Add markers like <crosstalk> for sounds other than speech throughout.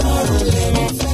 Ọlọ́run lè mi fẹ́.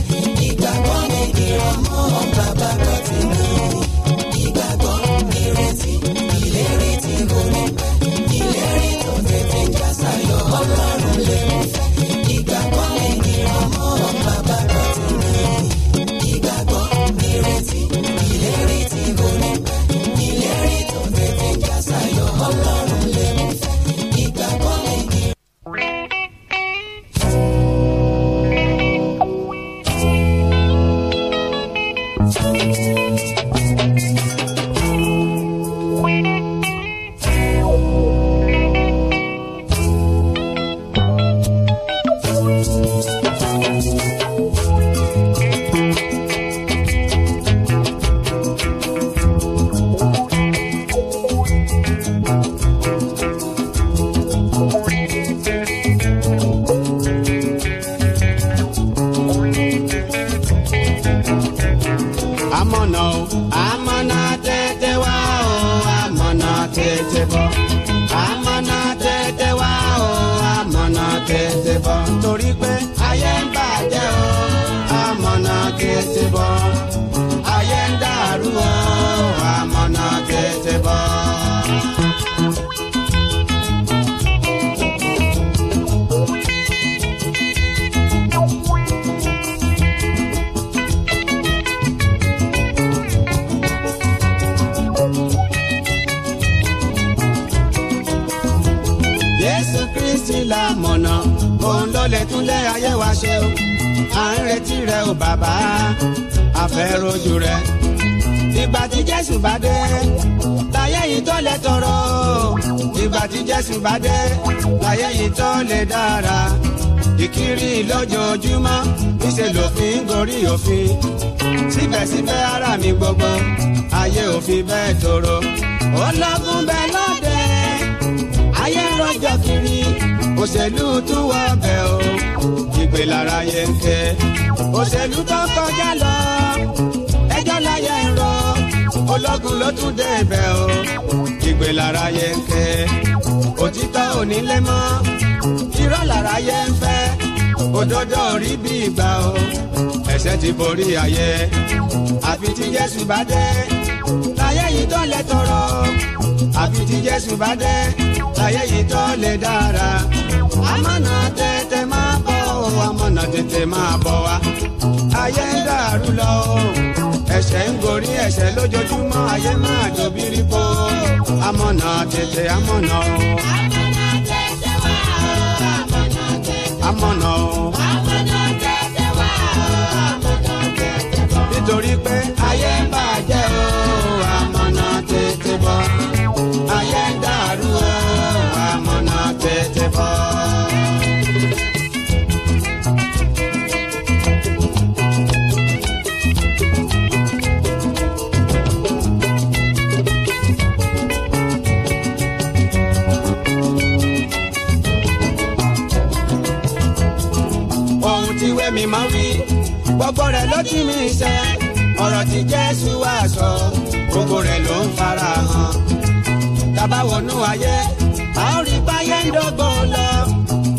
bá dé láyé yìí tó lè tọrọ àfi tí Jésù bá dé láyé yìí tó lè dára amọ̀nà tètè máa bọ̀ ọ́ amọ̀nà tètè máa bọ̀ wá ayé dàrú lọ ẹ̀ṣẹ̀ ń gorí ẹ̀ṣẹ̀ ayé máa dòbí rí po tètè amọ̀nà. rẹ̀ ló jí mi ṣe ọ̀rọ̀ tí Jésù wá sọ gbogbo rẹ̀ ló ń fara hàn tábà wọnú ayé a ó rí báyé ń dọ́gbọ́n lọ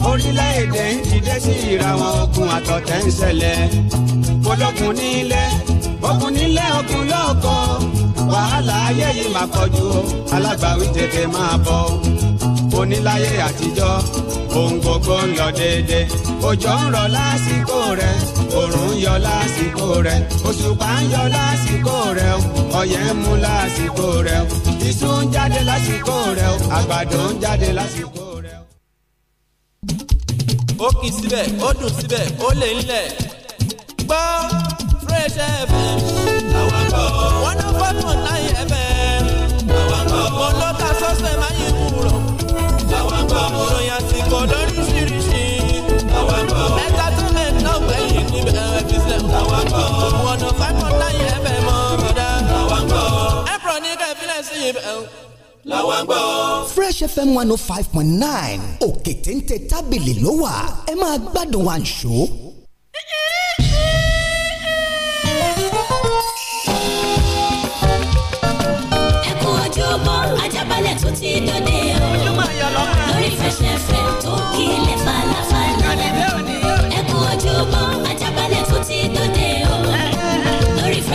orílẹ̀-èdè ń dìde sí ìràwọ̀n ogun àtọ̀tẹ̀ ń ṣẹlẹ̀ ológun nílé ogun nílé ogun lóko wàhálà ayé yìí máa kọjú alágbàwí tètè máa bọ̀ oníláyé àtijọ́ ohun gbogbo ń lọ déédéé òjò ń rọ̀ lásìkò rẹ̀ òrùn yọ lásìkò rẹ̀ òṣùpá ń yọ lásìkò rẹ̀ ọyẹ́ ń mú lásìkò rẹ̀ iṣu ń jáde lásìkò rẹ̀ àgbàdo ń jáde lásìkò rẹ̀. ó kì í síbẹ̀ ó dùn síbẹ̀ ó lè ń gbọ́ Fresh FM àwọn kan one oh five point nine FM. one of five point nine yẹn bẹ̀ mọ́ bọ̀dá. gbọ́. ẹ̀pọ̀ ní kẹfílẹ̀ sí i bẹ̀ làwọn gbọ́. Fresh FM one oh five point nine òkè téńté tábìlì ló wà ẹ máa gbádùn àǹṣó. ẹkún ojúbọ ajábalẹ̀ tó ti dòde o lórí Fresh FM tó kílẹ̀ falafala ẹkún ojúbọ.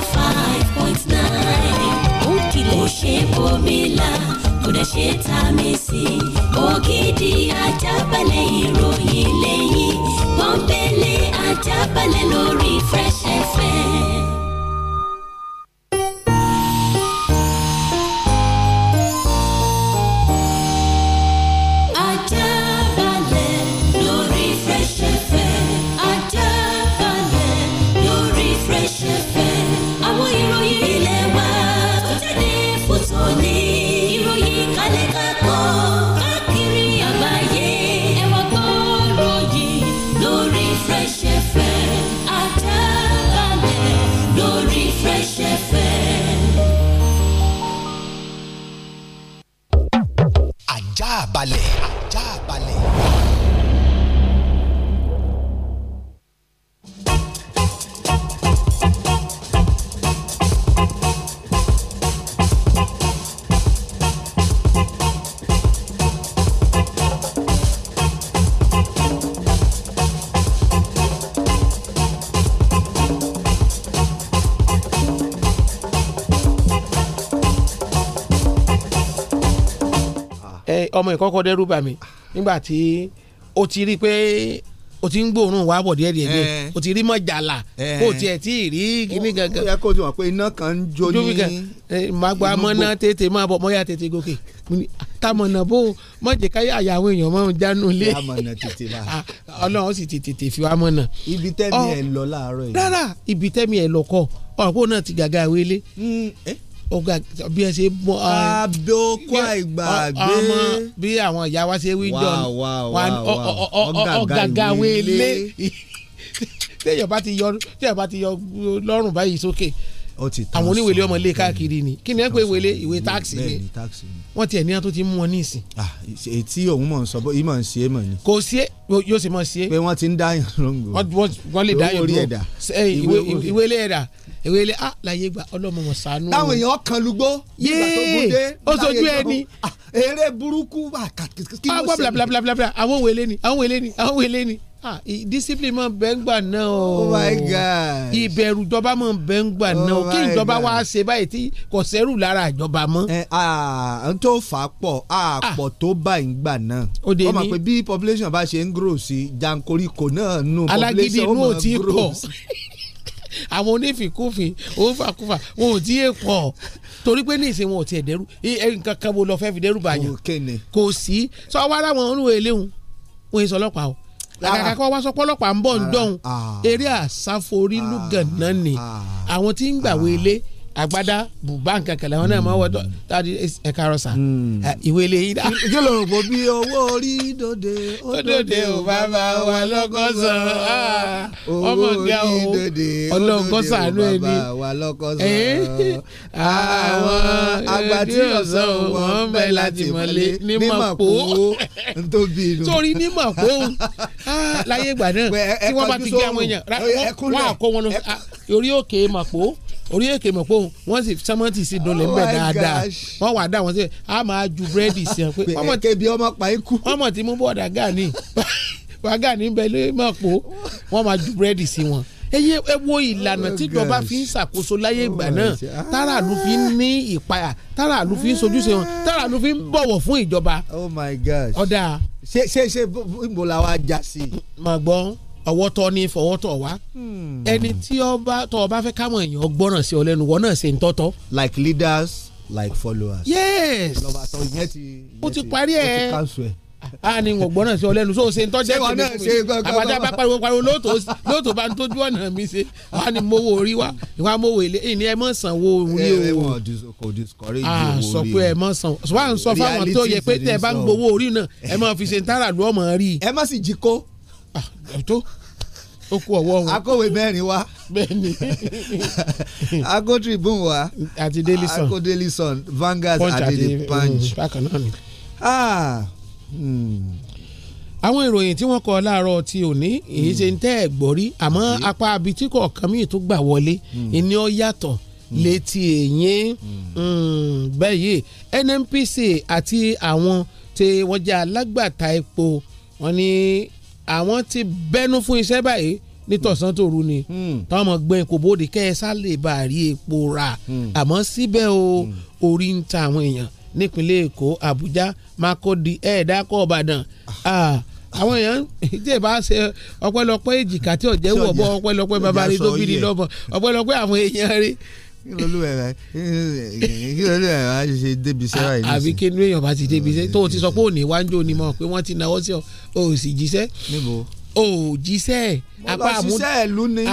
five point nine. ó kìlẹ̀ ṣe bòmílà kódà ṣe ta mi sí. ògidì ajábalẹ̀ ìròyìn lẹ́yìn pọ́npẹ́lẹ́ ajábalẹ̀ lórí Fresh FM. ọmọ ìkọ́kọ́ dẹ́rù bà mí nígbà tí ó ti rí pé o ti ń gbóòórùn wá bọ̀ díẹ̀ díẹ̀ díẹ̀ o eh. ti rí mọ́ kó o tiẹ̀ tí ì rí kíní gangan. ó yẹ kó o ti mọ̀ pé iná kan ń jó ní inú gbó. mọ́nà tètè máa bọ̀ mọ́yà tètè gòkè tamọ̀nà bó mọ̀jẹ̀ káyà àyàwó èèyàn máa ń jánu lé. tamọ̀nà tètè máa. Ah, ọlọ́run sì tètè fi wá mọ̀nà. ibi tẹ́mi ẹ̀ lọ láàárọ̀ yìí. rárá ibi tẹ́mi ẹ̀ lọ kọ ọ̀pọ̀ náà ti gàgà wélé. Hmm, eh? ọgá bí ẹ ṣe mọ. aboko àìgbàgbé. ọmọ bí àwọn ìyá wa ṣe wí jọ ọgàgà wele tẹyọ bá ti yọ tẹyọ bá ti yọ lọ́rùn báyìí sókè àwọn oníwèlé ọmọ ilé káàkiri ni kí ni ẹ pé wèlé ìwé táàkì ni wọ́n tiẹ̀ ní wọn tó ti mú wọn ní ìsìn. Ah, ètí òun mọ̀ ń sọ bó ìmọ̀ ń ṣe é mọ̀ ni. kò sí é yóò sì mọ̀ sí é. pé wọ́n ti ń dáyàn lóńgbò. wọ́n lè dáyàn lóńgbò ìwé ilé ẹ̀dà ewé ilé ah láyé gba ọlọ́mọ mọ̀ sànú. táwọn èèyàn kan lugbó. yéé ó sojú ẹni. Ah, eré burúkú wà kàkiri. a gbọ́ blablabla àwọn wèlé ni àwọn wèlé ni àwọn wèlé ni ah discipline máa bẹ́ ń gbà náà o oh my god ìbẹ̀rù ìjọba máa bẹ́ ń gbà oh náà o kí ìjọba wá ṣe báyìí tí kò sẹ́rù lára ìjọba mọ́. ẹ eh, aa n tó fà á pọ̀ a ah. pọ̀ tó bá ń gbà náà ó máa pé bí population bá ṣe ń grow sí jankoríko náà nù population ó máa grow sí. <laughs> àwọn onífìkúfìn òǹfàkúfà wọn ò tí ì pọ̀ torí pé ní ìsìn wọn ò tiẹ̀ dẹ́rù nǹkan kan wo lọ fẹ́ fi dẹ́rù bàyàn kò sí sọ wá ara wọn eléhùn wọn èso ọlọ́pàá o ah, ah. àgàgà kọ́ wá sọ pọ́lọ́pàá ń bọ̀ ń dọ̀hún ah, eré àsáforílùgànnà ni àwọn tí ń gbàwé ilé àgbádá bùbá nǹkan kẹlẹ wọn náà máa wọ tàbí ẹka rọsà ìwé ilé yìí dá. kí ló rò pé bí owó orí dòde ó ò bàbá wa lọ́kọ̀sán ah, ah, ọmọ ọ̀gá o ọlọ́kọ̀sán ló ẹ ah, ní. àwọn àgbà tí wọn bẹ láti mọ̀lé ní màpó sórí ní màpó <laughs> láyé ìgbà náà tí wọ́n bá ti gé àwọn èèyàn wọ́n á wọn lọ orí òkè màpó orí èké mọ̀ pé wọ́n sì sẹ́mọ́ǹtì sì dùn ń bẹ̀ oh dáadáa wọ́n wà dá wọn sí a máa ju búrẹ́dì sí pé ọmọ tẹbi ọmọ pa é <laughs> ọmọ tí mú bọ̀dà gani <laughs> wàgà níbẹ̀ lè mọ̀ pé wọ́n máa ju búrẹ́dì sí wọn eye ẹ wo ìlànà oh tíjọba fi ń ṣàkóso láyé ìgbà oh náà ah. táràlú fi ń ní ìpayà táràlú fi ń sojúṣe wọn táràlú fi ń bọ̀wọ̀ fún ìjọba. oh my gosh ọ̀dà. ṣé ṣé ṣé ìmọ̀lá wa já sí. màgbọ́n ọwọ́ tọ́ ní fọwọ́ tọ̀ wá hmm. ẹni tí ọba tọ́ ọba fẹ́ káwọn èèyàn gbọ́ràn sí ọ lẹ́nu wọ́n náà ṣe ń tọ́tọ́. like leaders like followers. yes lọ́bàtàn yẹn ti ó ti parí ẹ̀ ó ti kánṣu ẹ̀. a ní wọn gbọ́ràn sí ọ lẹ́nu sọ ṣe ń tọ́jú ẹ̀ tẹ̀lé àbájá bá pariwo pariwo lóòótọ́ bá ń tọ́jú ọ̀nà mi ṣe wà ní mowó orí wa ìwà mowó èlé ìní ẹ̀ mọ̀ sanwó orí eh, o. Eh, sọ pé ẹ mọ̀ san wà sọ fáwọn tó yẹ pé tẹ bá ń gbowó orí náà ẹ má fi ṣe ń tààrà lọ́mọ rí. ẹ má sì jí kó Ah, tó ó kú ọwọ́ wọn. akọ̀wé mẹ́rin wa. bẹ́ẹ̀ni. Ago <laughs> Tribune wa. àti Daily Sun. Ago Daily Sun Vanguard àti Punch. Mm, bákan náà ni. Ah, hmm. àwọn ìròyìn tí wọ́n kọ láàárọ̀ ti òní èyí ṣe hmm. ń tẹ́ ẹ̀ gbọ́ rí àmọ́ hmm. apá abití kọ̀ọ̀kan míì tó gbà wọlé ìní ọ yàtọ̀ létí èyí bẹ́ẹ̀ NNPC àti àwọn tí wọ́n jẹ́ alágbàtà epo wọ́n ní àwọn ti bẹ́nu fún iṣẹ́ báyìí nítọ̀sán hmm. tòru ni hmm. táwọn ọmọ gbẹ kò bóde kẹ́ẹ́sà lè bá a rí epo rà hmm. àmọ́ síbẹ̀ o orí ń ta àwọn èèyàn nípínlẹ̀ Èkó Àbújá Makurdi ẹ̀ẹ́dákọ̀ Ìbàdàn àwọn èèyàn ìdí ìbá ṣe ọpẹ́lọpẹ́ èjìká tí ọ̀jẹ̀ wọ̀ bọ́ ọpẹ́lọpẹ́ babalẹ̀ tó bí ní lọ́bọ̀ ọpẹ́lọpẹ́ àwọn èèyàn rí kí ló lù ẹ̀ rà kí ló lù ẹ̀ rà ṣe débi iṣẹ́ rà yìí. àbí kí inú èèyàn bá ti débi iṣẹ́ mm. tó o ti sọ pé òní wájú òní mọ̀ pé wọ́n ti náwó sí ọ o ò sì jíṣẹ́. níbo o jíṣẹ́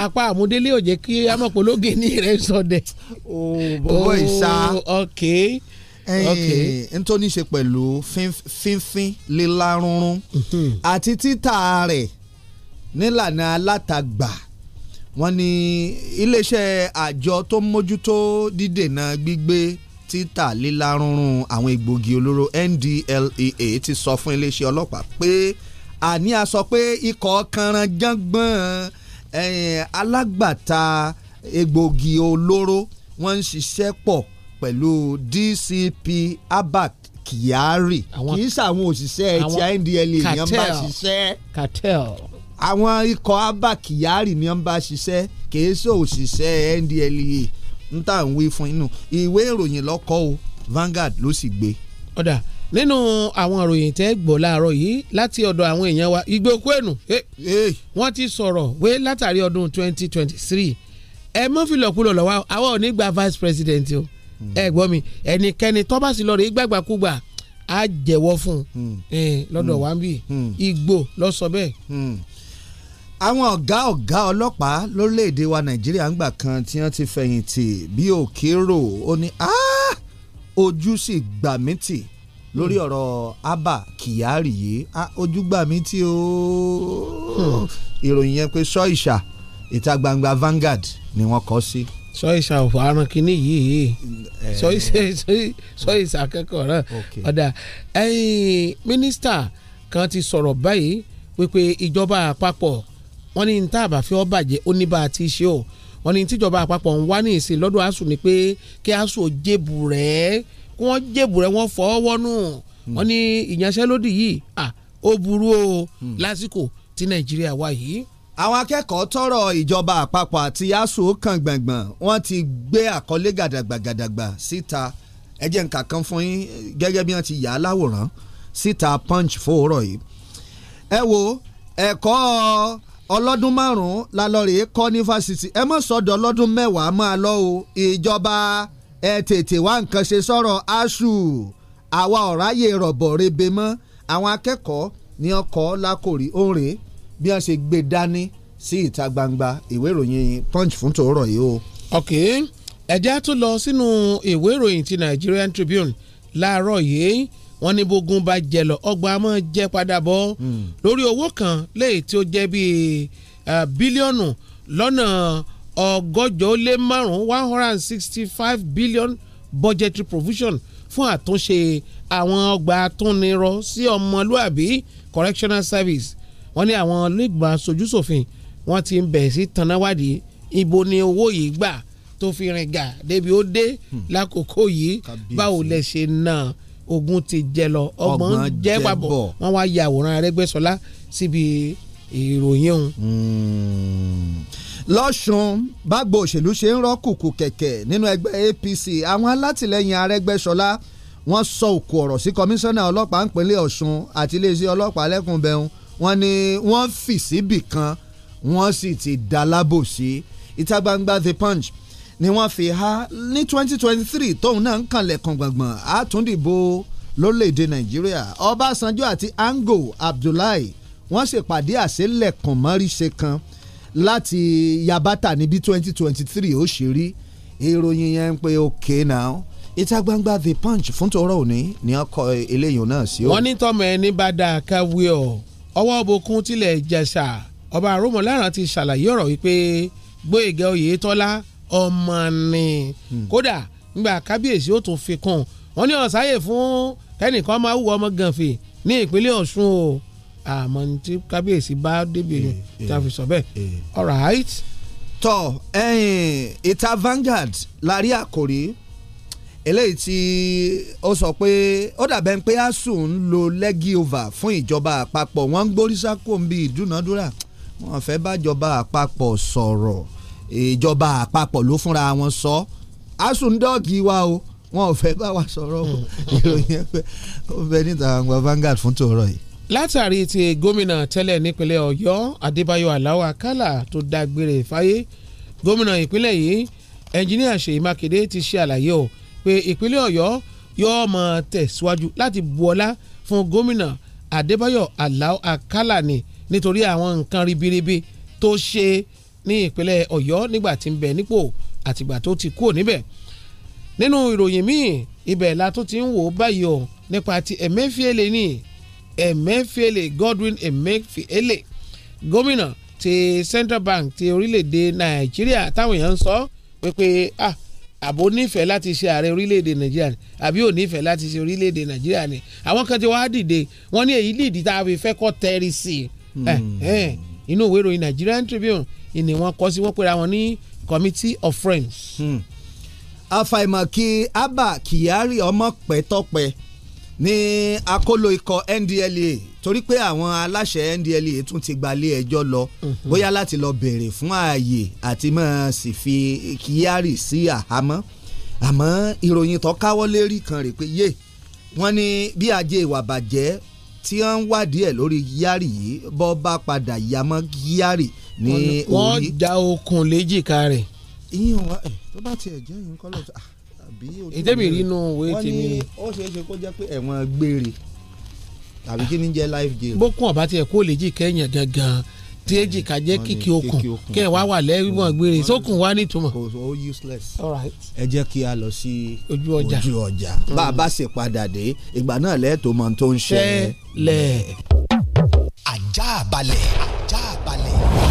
apá àmúdélé ò jẹ́ kí amọ̀pọ̀lógé ní rẹ̀ sọdẹ̀. o bọ̀bọ̀ ìṣá ok ok n tó ní ṣe pẹ̀lú fínfín lílárúnrún mhm. àti títà rẹ̀ nílànà alátagbà wọ́n ní iléeṣẹ́ àjọ tó ń mójútó dídènà gbígbé títà lílárúnrún àwọn egbògi olóró NDLEA ti sọ fún iléeṣẹ́ ọlọ́pàá pé àní a sọ pé ikọ̀ kanranjangbọ̀n eh, alágbàtà egbògi olóró wọ́n ń ṣiṣẹ́ pọ̀ pẹ̀lú DCP Abak Kyari kì í ṣàwọn òṣìṣẹ́ ti NDLEA yẹn bá ṣiṣẹ́. cartel àwọn ikọ̀ abba kyari ni wọ́n bá ṣiṣẹ́ kìí ṣe òṣìṣẹ́ NDLEA ń tà ń wí fún inú ìwé ìròyìn lọ́kọ́ o Vanguard ló sì gbé. ọ̀dà nínú àwọn ìròyìn tẹ́ gbọ́ láàárọ̀ yìí láti ọ̀dọ̀ àwọn èèyàn wa ìgbé okú ẹ̀nù wọ́n ti sọ̀rọ̀ wé látàrí ọdún 2023 ẹ mọ́ fìlọ̀kulọ̀ lọ́wọ́ àwọn ò ní gba vice president o hmm. ẹ gbọ́ mi ẹnikẹ́ni tó bá sì lọ rèé gbàgbàkúgbà á jẹ́wọ́ fún un hmm. lọ́dọ̀ hmm. wa ń bì Ìgbò ló sọ bẹ́ẹ̀ àwọn ọ̀gá ọ̀gá ọlọ́pàá lórílẹ̀‐èdè wa nàìjíríà ń gbà kan tí wọ́n ti fẹ̀yìntì bí òkèrò ó ní ojú sì gbà mí tì lórí hmm. ọ̀rọ̀ abba kyari yìí ojú gbà mí tì ó hmm. ìròyìn yẹn pé sọ ìta gbangba Vanguard ni wọ́n kọ́ sí. sọ ìṣà òfò aràn kínní yìí eh. sọ ìṣà akẹ́kọ̀ọ́ rẹ̀ ọ̀dà ẹ̀yìn mínísítà kan ti sọ̀rọ̀ báyìí wípé ìjọba àpapọ̀ wọ́n ní níta àbàfẹ́ ọ̀bàjẹ́ ó ní bá a ti ṣe o wọ́n ní tíjọba àpapọ̀ ń wá ní ìsìn lọ́dọ̀ asuu ni pé kí asuu jébù rẹ̀ kí wọ́n jébù rẹ̀ wọ́n fọ́ wọ́nù hmm. wọ́n ní ìyanṣẹ́lódì yìí à ó burú o hmm. lásìkò tí nàìjíríà wà yìí. àwọn akẹ́kọ̀ọ́ tọrọ ìjọba àpapọ̀ àti asuu kan gbàngbàn wọ́n ti gbé àkọlé gàdàgbàgàdàgbà síta ẹ jẹ́ kan fún yín gẹ́gẹ́ bí wọ́n ti yà á láwòrán síta punch fòórọ̀ yìí ẹ wo ẹ̀kọ́ ọlọ́dún márùn-ún la lọ rèé kọ́ ní fásitì ẹ mọ̀ sọ́dọ̀ ọlọ́dún mẹ́wàá máa lọ o ìjọba ẹ tètè wá nǹkan ṣe sọ̀rọ̀ aṣù àwa ọ̀ráyè rọ̀bọ̀ rebe mọ́ àwọn akẹ́kọ̀ọ́ ní ọkọ̀ lákòrí òǹrè bí wọ́n ṣe gbé dání sí ìta gbangba ìwé ìròyìn punch fún tòórọ̀ yìí o. ok ẹ̀já tó lọ sínú ìwé ìròyìn ti Nigerian Tribune láàárọ̀ yìí wọ́n ní bógun bá jẹ lọ ọgbà máa jẹ padà bọ̀ hmm. lórí owó kan léyìí tí ó jẹ́ bíi bílíọ̀nù lọ́nà ọgọ́jọ lé márùn-ún one hundred and sixty five billion budgetary provision fún àtúnṣe àwọn ọgbà atúnirọ sí ọmọlúàbí correctional service wọ́n ní àwọn onígbà sojúṣòfin wọ́n ti ń bẹ̀rẹ̀ sí tanáwádìí ibo ni owó yìí gbà tó fi rìn gà débi ó dé hmm. lákòókò yìí báwo lẹ ṣe náà ogun ti jẹ lọ ọgbọ̀n jẹ pàbọ̀ wọ́n wá ya àwòrán Arẹ́gbẹ́ṣọlá síbi ìròyìn òun. Hmm. lọ́sùn bágbó òṣèlú ṣe ń rọ́ kùkù kẹ̀kẹ́ nínú ẹgbẹ́ APC àwọn alátìlẹyìn Arẹ́gbẹ́ṣọlá wọ́n sọ òkú ọ̀rọ̀ sí kọmíṣánná ọlọ́pàá ńpínlẹ̀ Ọ̀ṣun àti iléeṣẹ́ ọlọ́pàá lẹ́kùnbẹ̀rún wọ́n ní wọ́n fì síbì kan wọ́n sì ti dá lábòsí ìta gbangba The Punch ni wọ́n fi há ní twenty twenty three tóun náà ń kanlẹ̀ kan gbọ̀ngbọ̀n àtúndìbò lórílẹ̀‐èdè nàìjíríà ọbásanjọ́ àti ango abdullahi wọ́n ṣèpàdé àṣelẹ̀kàn mọ́ríṣe kan láti yabata ní bí twenty twenty three ó ṣe rí ìròyìn yẹn ń pe okay now ìta gbangba the punch fún tòró òní ni wọ́n kọ eléyìí náà sí o. wọ́n ní tọmọ ẹni bá dáa káwé ọ ọwọ́ bokun tilẹ̀ jẹ̀ṣà ọba àròmọ̀lára ti ṣàlàyé ọ̀rọ̀ wípé Gbóyèga Oyètọ́lá ọmọ ni hmm. kódà nígbà kábíyèsí ó tún fi kún wọn ní ọ̀sáyè fún kẹ́nìkan máa wù ọmọ gànfè ní ìpínlẹ̀ ọ̀ṣun o àmọ́ ní tí kábíyèsí bá débi eh, eh, tí a fi sọ bẹ́ẹ̀ eh. all tọ ìta Vanguard la rí àkòrí eléyìí tí ó sọ pé ó dàbẹ̀ pé asuu ń lo lẹ́gì over fún ìjọba àpapọ̀ wọ́n ń gbórísà kò ń bi ìdúnadúrà wọ́n fẹ́ bájọba àpapọ̀ sọ̀rọ̀ ìjọba àpapọ̀ ló fúnra wọn sọ asundọ́ọ̀gì wa o wọn ò fẹ́ bá wa sọ̀rọ̀ o <laughs> ìròyìn ẹ̀fẹ́ ó bẹ níta gbangba Vanguard fún tòórọ́ yìí. látàrí ti gómìnà tẹ́lẹ̀ nípínlẹ̀ Ọ̀yọ́ Adébáyọ̀ Aláwọ̀ Akálà tó dágbére fáyé gómìnà ìpínlẹ̀ yìí ẹnjiníà Ṣèyí Mákindé ti ṣe àlàyé o pé ìpínlẹ̀ Ọ̀yọ́ yóò máa tẹ̀síwájú láti bu ọlá fún gómìnà Adébáyọ̀ Aláwọ̀ Akálà ni nítorí àwọn nǹkan ribiribi tó ṣe ní ìpínlẹ̀ Ọ̀yọ́ nígbà tí ń bẹ nípò àtìgbà tó ti kúrò níbẹ̀ nínú ìròyìn míì ibẹ̀ la tó ti ń wò ó báyìí o nípa ti Emefiele ní Emefiele Godwin Emefiele gómìnà ti Central Bank ti orílẹ̀-èdè Nàìjíríà táwọn èèyàn ń sọ wípé ah àbò nífẹ̀ẹ́ láti ṣe ààrẹ orílẹ̀-èdè nàìjíríà ni àbí ò nífẹ̀ẹ́ láti ṣe orílẹ̀-èdè nàìjíríà ni àwọn kan ti wá dìde wọ́n ní èyí lìdí tá a fi tẹ́rì sí i hmm. inú ìwé ìròyìn Nigerian Tribune ni wọ́n kọ́ sí wọ́n pera wọn ní committee of friends. Hmm. àfàìmọ̀ kí abba kyari ọmọ pẹ́tọ́pẹ́ ní akólo ikọ̀ NDLEA torí pé àwọn aláṣẹ NDLEA tún ti gbalé ẹjọ́ lọ mhm. bóyá láti lọ béèrè fún ààyè àti máa sì fi kyari sí àhámọ́ àmọ́ ìròyìn tó káwọ́ lérí kan rè pé yé wọ́n ní bí ajé ìwà bàjẹ́ tí wọ́n ń wádìí ẹ̀ lórí kyari yìí bọ́ bá padà yàmọ́ kyari ní orí. wọ́n ja okùn léjìká rẹ̀. ìyẹn wa ẹ tó bá tiẹ̀ jẹ́ ìyẹn kọ́ lọ́tọ̀ àbí. ìtẹ́bí rínú òwe tèmi. wọ́n ní ó ṣeé ṣe kó jẹ́ pé ẹ̀wọ̀n gbére tàbí kí ni jẹ́ life jail. bókun ọ̀bá tiẹ̀ kó léjìká ẹ̀yàn gangan tí èjìká jẹ́ kìkì okùn kẹ́ ẹ̀ wá wà lẹ́wọ̀n gbére sókun wá nítumọ̀. kò useless. ẹ jẹ́ kí a lọ sí ojú ọjà mm. bá a bá sì padà dé ìgbà náà lẹ́ẹ̀tọ́ ajá balẹ̀ ajá balẹ̀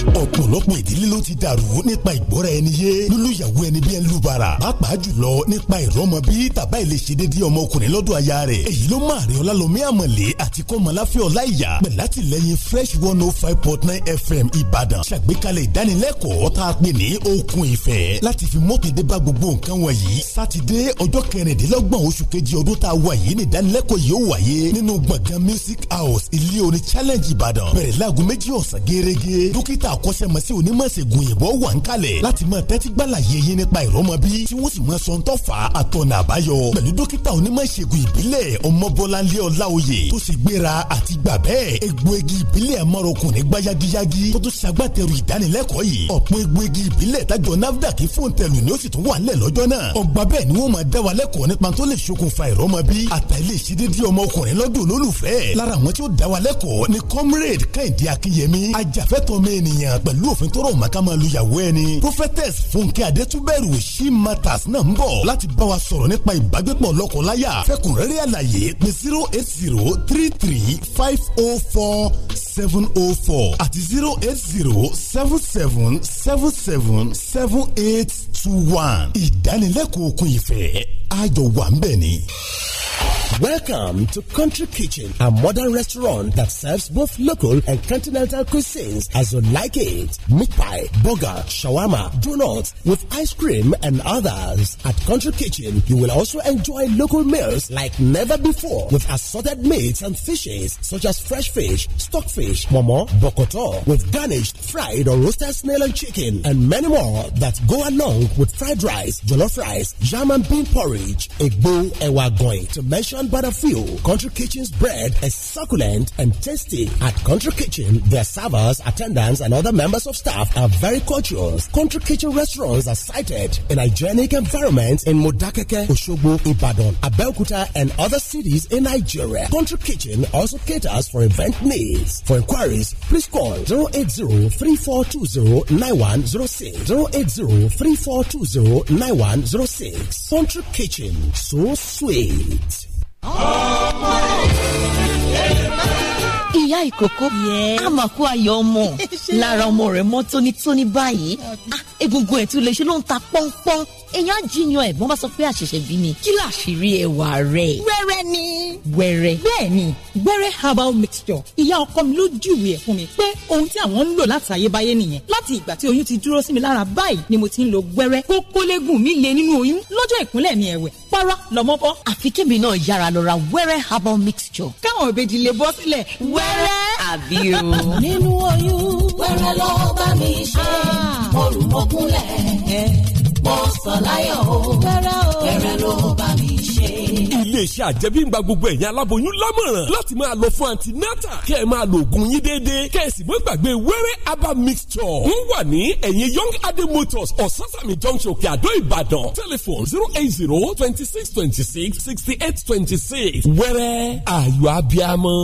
ọ̀pọ̀lọpọ̀ ìdílé ló ti dàrú nípa ìgbọ́ra ẹni yé lólùyàwó ẹni bí ẹ ń lu bara pàápàá jùlọ nípa ìrọmọ bí tàbá ilé ṣe déédéé ọmọkùnrin lọ́dọ̀ aya rẹ̀ èyí ló máa rí ọlálọ́mí àmọ̀lé àti kọ́mọláfẹ́ ọláìyá pẹ̀látìlẹ́yìn fresh one oh five point nine fm ìbàdàn ṣàgbékalẹ̀ ìdánilẹ́kọ̀ọ́ tá a pè ní okun ìfẹ́ láti fi mọ́tòdé bá gbogbo nǹkan wọ̀nyí sátidé ọjọ́ kẹrìndínlọ́gbọ̀n oṣù kejì ọdún tá a wà yìí ní ìdánilẹ́kọ̀ọ́ yìí ó wáyé nínú gbọ̀ngàn music house ilé orin challenge ìbàdàn bẹ̀rẹ̀ láago méjì ọ̀sán gẹ́gẹ́ dókítà dókítà akọ́ṣẹ́mọṣẹ́ onímọ̀ṣègùn ìbò wà ń kalẹ̀ láti máa tẹ́tí gbàlà yeye nípa ìrọmọbí tí wọ́n sì máa sọ ń tọ́fà àtọ̀nà àbáyọ pẹ̀lú dókítà onímọ̀ṣègùn ìbílẹ̀ ọmọbọ́láńlé ọláoyè tó sì gbéra àti gbà bẹ́ẹ̀ egbò egi ìbílẹ̀ mọ́rọ̀kùn ní gbáyagíyágí tó tún ṣagbátẹrù ìdánilẹ́kọ̀ọ́ yìí ọ̀pọ̀ egbò egi ìbílẹ̀ ènìyàn pẹ̀lú òfin tó rọ̀ màkà máa lu ìyàwó ẹni. prophetess fúnkẹ́ adétúbẹ̀rù she matters náà ń bọ̀ láti bá wa sọ̀rọ̀ nípa ìbágbépọ̀ lọ́kọláya fẹ́kùnrẹ́rẹ́ àlàyé pé zero eight zero three three five oh four six. seven oh at zero eight zero seven seven seven seven seven eight two one. ìdánilẹ́kọ̀ọ́ òkun ìfẹ́ àjọ wà ń bẹ̀ ni. Welcome to Country Kitchen, a modern restaurant that serves both local and continental cuisines as you like it. Meat pie, burger, shawarma, donuts with ice cream and others. At Country Kitchen, you will also enjoy local meals like never before with assorted meats and fishes such as fresh fish, stockfish, momo, bokoto, with garnished, fried or roasted snail and chicken, and many more that go along with fried rice, jollof rice, jam and bean porridge, igbo ewa going to mention but a few. Country Kitchen's bread is succulent and tasty. At Country Kitchen, their servers, attendants, and other members of staff are very courteous. Country Kitchen restaurants are sited in hygienic environments in Modakeke, Oshogbo, Ibadan, Abeokuta, and other cities in Nigeria. Country Kitchen also caters for event needs. For inquiries, please call 080-3420-9106, 080-3420-9106. Country Kitchen, so sweet. Oh ìyá ìkókó àmàkù ayọ̀ ọmọ <laughs> lára ọmọ rẹ̀ mọ́ tónítóní báyìí ah, egungun ẹ̀ tún lè ṣe ló ń ta pọ́npọ́n èèyàn jiyan ẹ̀gbọ́n bá sọ pé àṣẹ̀ṣẹ̀ bí ni kí láṣìírí ẹwà rẹ̀. wẹ́rẹ́ ni. wẹ́rẹ́. bẹ́ẹ̀ni wẹ́rẹ́ herbal mixture ìyá ọkọ mi ló júwèé ẹ̀ fún mi pé ohun tí àwọn ń lò láti àyébáyé nìyẹn láti ìgbà tí oyún ti dúró sí mi lára báyìí ni mo ti ń lo wẹ́rẹ́ kókólégùn mi lè nínú oyún lọ́jọ́ ìkúnlẹ̀ mi ẹ̀wẹ̀ para lọ́mọ bọ́. àfi kébì náà yára lọ ra wẹ́rẹ́ herbal mixture. káwọn òbejì lè bọ́ sílẹ̀ wẹ́rẹ́ wẹ́rẹ́. àbí o. nínú oyún. wẹ́rẹ́ ló bá mi ṣe ah. mo rù mo kúnlẹ̀ eh. mo sọ láyọ̀ o wẹ́rẹ́ o bá mi ṣe iléeṣẹ́ àjẹmíngba gbogbo ẹ̀yin aláboyún lámọ̀ràn láti máa lọ fún antinata kẹ́ ẹ̀ máa lo oògùn yín déédéé kẹ́ ẹ̀ sì mọ́ gbàgbé wẹ́rẹ́ herbal mixture ń wà ní ẹ̀yìn young adé motors ososami junction kíadó ìbàdàn telephone zero eight zero twenty six twenty six sixty eight twenty six wẹ́rẹ́ ayọ̀ abiamọ.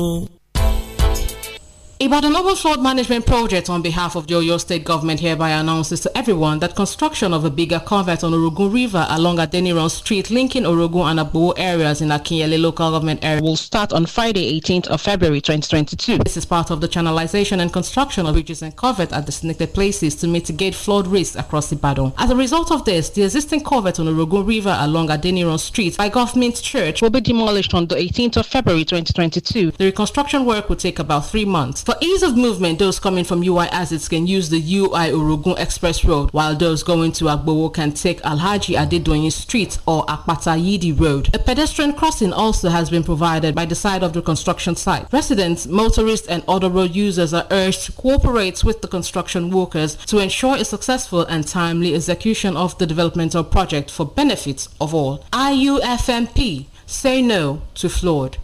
Ibadan Local Flood Management Project on behalf of the Oyo State Government hereby announces to everyone that construction of a bigger convert on Orogun River along Adeniran Street linking Orogun and Abuo areas in Akinyele local government area will start on Friday 18th of February 2022. This is part of the channelization and construction of bridges and covert at designated places to mitigate flood risks across Ibadan. As a result of this, the existing covert on Orogun River along Adeniran Street by Government Church will be demolished on the 18th of February 2022. The reconstruction work will take about three months. For ease of movement, those coming from UI Assets can use the UI Urugun Express Road, while those going to Agbowo can take Alhaji Adedoyin Street or Akpata Yidi Road. A pedestrian crossing also has been provided by the side of the construction site. Residents, motorists and other road users are urged to cooperate with the construction workers to ensure a successful and timely execution of the developmental project for benefit of all. IUFMP say no to fraud.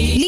¡No!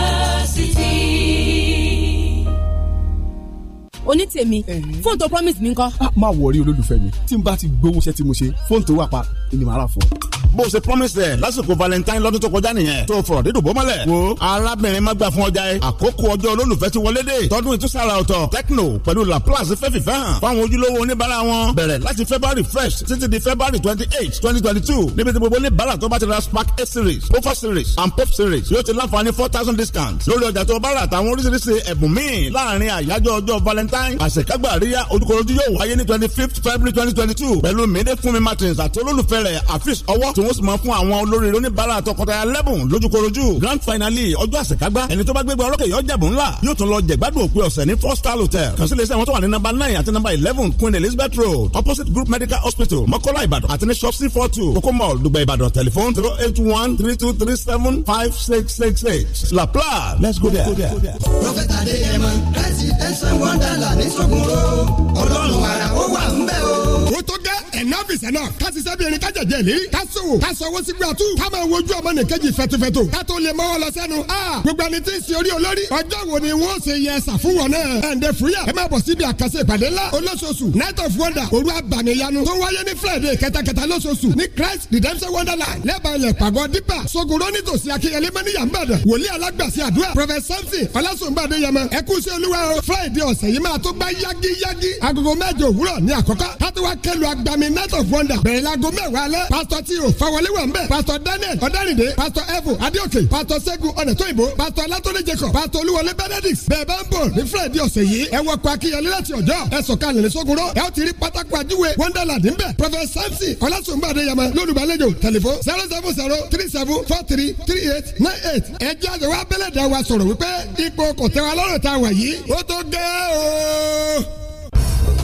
onítèmi fóònù tó promise mi ńkọ́. Ah, má wọrí olólùfẹ́ mi tí n bá ti gbowó iṣẹ́ tí mo ṣe fóònù tó wà pa ni màá rà fún ọ. bó o ṣe promise rẹ lásìkò valentine lọ́dún tó kọjá nìyẹn tó fọ̀rọ̀ dídùn bó mọ́lẹ̀. wo arábìnrin má gbà fún ọjà ẹ àkókò ọjọ́ olólùfẹ́ ti wọlé dé tọdún ìtúsára ọ̀tọ̀ tecno pẹ̀lú laplace fẹ́ fìfẹ́ hàn fáwọn ojúlówó oníbàárà wọn bẹ̀rẹ̀ láti february first. títí di february twenty eight twenty twenty two níbi tí gbogbo oníbàárà tó bá ti ra spark series pofa series and pop series yóò ti láǹfààní four thousand discount lórí ọjà tó bá rà àtàwọn oríṣiríṣi ẹ̀bùn míì láàárín àyájọ́ ọjọ́ valent valentine àṣekágbà àríyá ojúkorojú yóò wáyé ní twenty fifth february twenty twenty two pẹ̀lú mèdè fúnmi martins àti olólùfẹ́ rẹ̀ afis ọwọ́ tí wọ́n sì mọ̀ fún àwọn olórí oníbàárà tọkọtaya lẹ́bùn lójúkorojú grand finale ọjọ́ àṣekágbà ẹni tó bá gbégbá ọlọ́kẹ́ yọ jẹ̀bù ńlá yóò tún lọ jẹ̀gbádùn òpin ọ̀sẹ̀ ní four star hotel kàn sí iléeṣẹ́ wọn tó wà ní number nine àti number eleven queen elizabeth road opposite group medical hospital mọ́kọ́lá ìbàdàn àti ní shop c four two kókó mall dùgbẹ́ ìbàdàn telephone zero eight one three two three seven five six six six la plan let's go there. prophet adeyemo christy ẹsẹ̀ wọ́ndà là ní sọ́gun o ọlọ́run àrà ó wà ń bẹ̀ o. ó tó gẹ́ ẹ̀ná fìṣẹ́ náà ká ṣiṣẹ́ bí erin ká jẹ̀jẹ̀ ìlérí ká sòwò ká sọ owó sí gbàtú ká máa wojú ọmọ nìkejì fẹ̀tòfẹ̀tò ká tó lè mọ́wọ́ lọ sẹ́nu. gbogbo ẹni tí ń ṣe orí olórí ọjọ́ wo ni wọ́n ṣe yẹ ẹ̀sà fún wọn náà. ẹ̀ ń dẹ fúyà ẹ máa bọ̀ síbi àkànṣe ìpàdé ńlá olóṣooṣù night of wonder òru abàmìyanu tó wáyé ní friday kẹtàkẹtà lóṣooṣù ní christ redemption wonderland lẹ́bàá ilẹ̀ pàgọ́ dípà sogoro nítòsí akínyẹlé mẹ́níyà ńbàdàn wòlíì alágbàsí àdúrà prophet samson ọlásùnbàdé yẹmọ ẹ kú sí olúwa o friday ọ̀sẹ̀ yìí máa tó gbá yágíyágí agogo mẹ́jọ òwúrọ̀ ní àkọ́kọ́ ká tó wá kẹlu agbami night of wonder bẹ̀rẹ̀ láago mẹ́wàá alẹ́ pásítọ̀ tí o fawọlé wà daniel ọ̀dánìdé pásítọ̀ evo adéòkè pásítọ̀ ṣẹ́gun ọ̀nẹ́tọ́yìnbó pásítọ̀ alátọ́lé jacob Pastor olúwọlé benedict bẹ́ẹ̀ bá ń bọ̀ ní friday ọ̀sẹ̀ yìí ẹ wọ kọ́ akíyanlé láti ọjọ́ ẹ sọ̀kalẹ̀ lẹ́sọ̀gùnrọ̀ ẹ ti rí pátákó àjúwe wonderland ń bẹ̀ prophet samson ọlásùnmọ́ adéyàmọ lólùgbàlejò tẹlifó zero seven zero three seven four three three eight nine eight ẹ jẹ́ àjẹwà abẹ́lẹ̀dá wa sọ̀rọ̀ wípé ipò kọ̀tẹ́wà lọ́rọ̀ tá a wà yìí ó tó gẹ́ o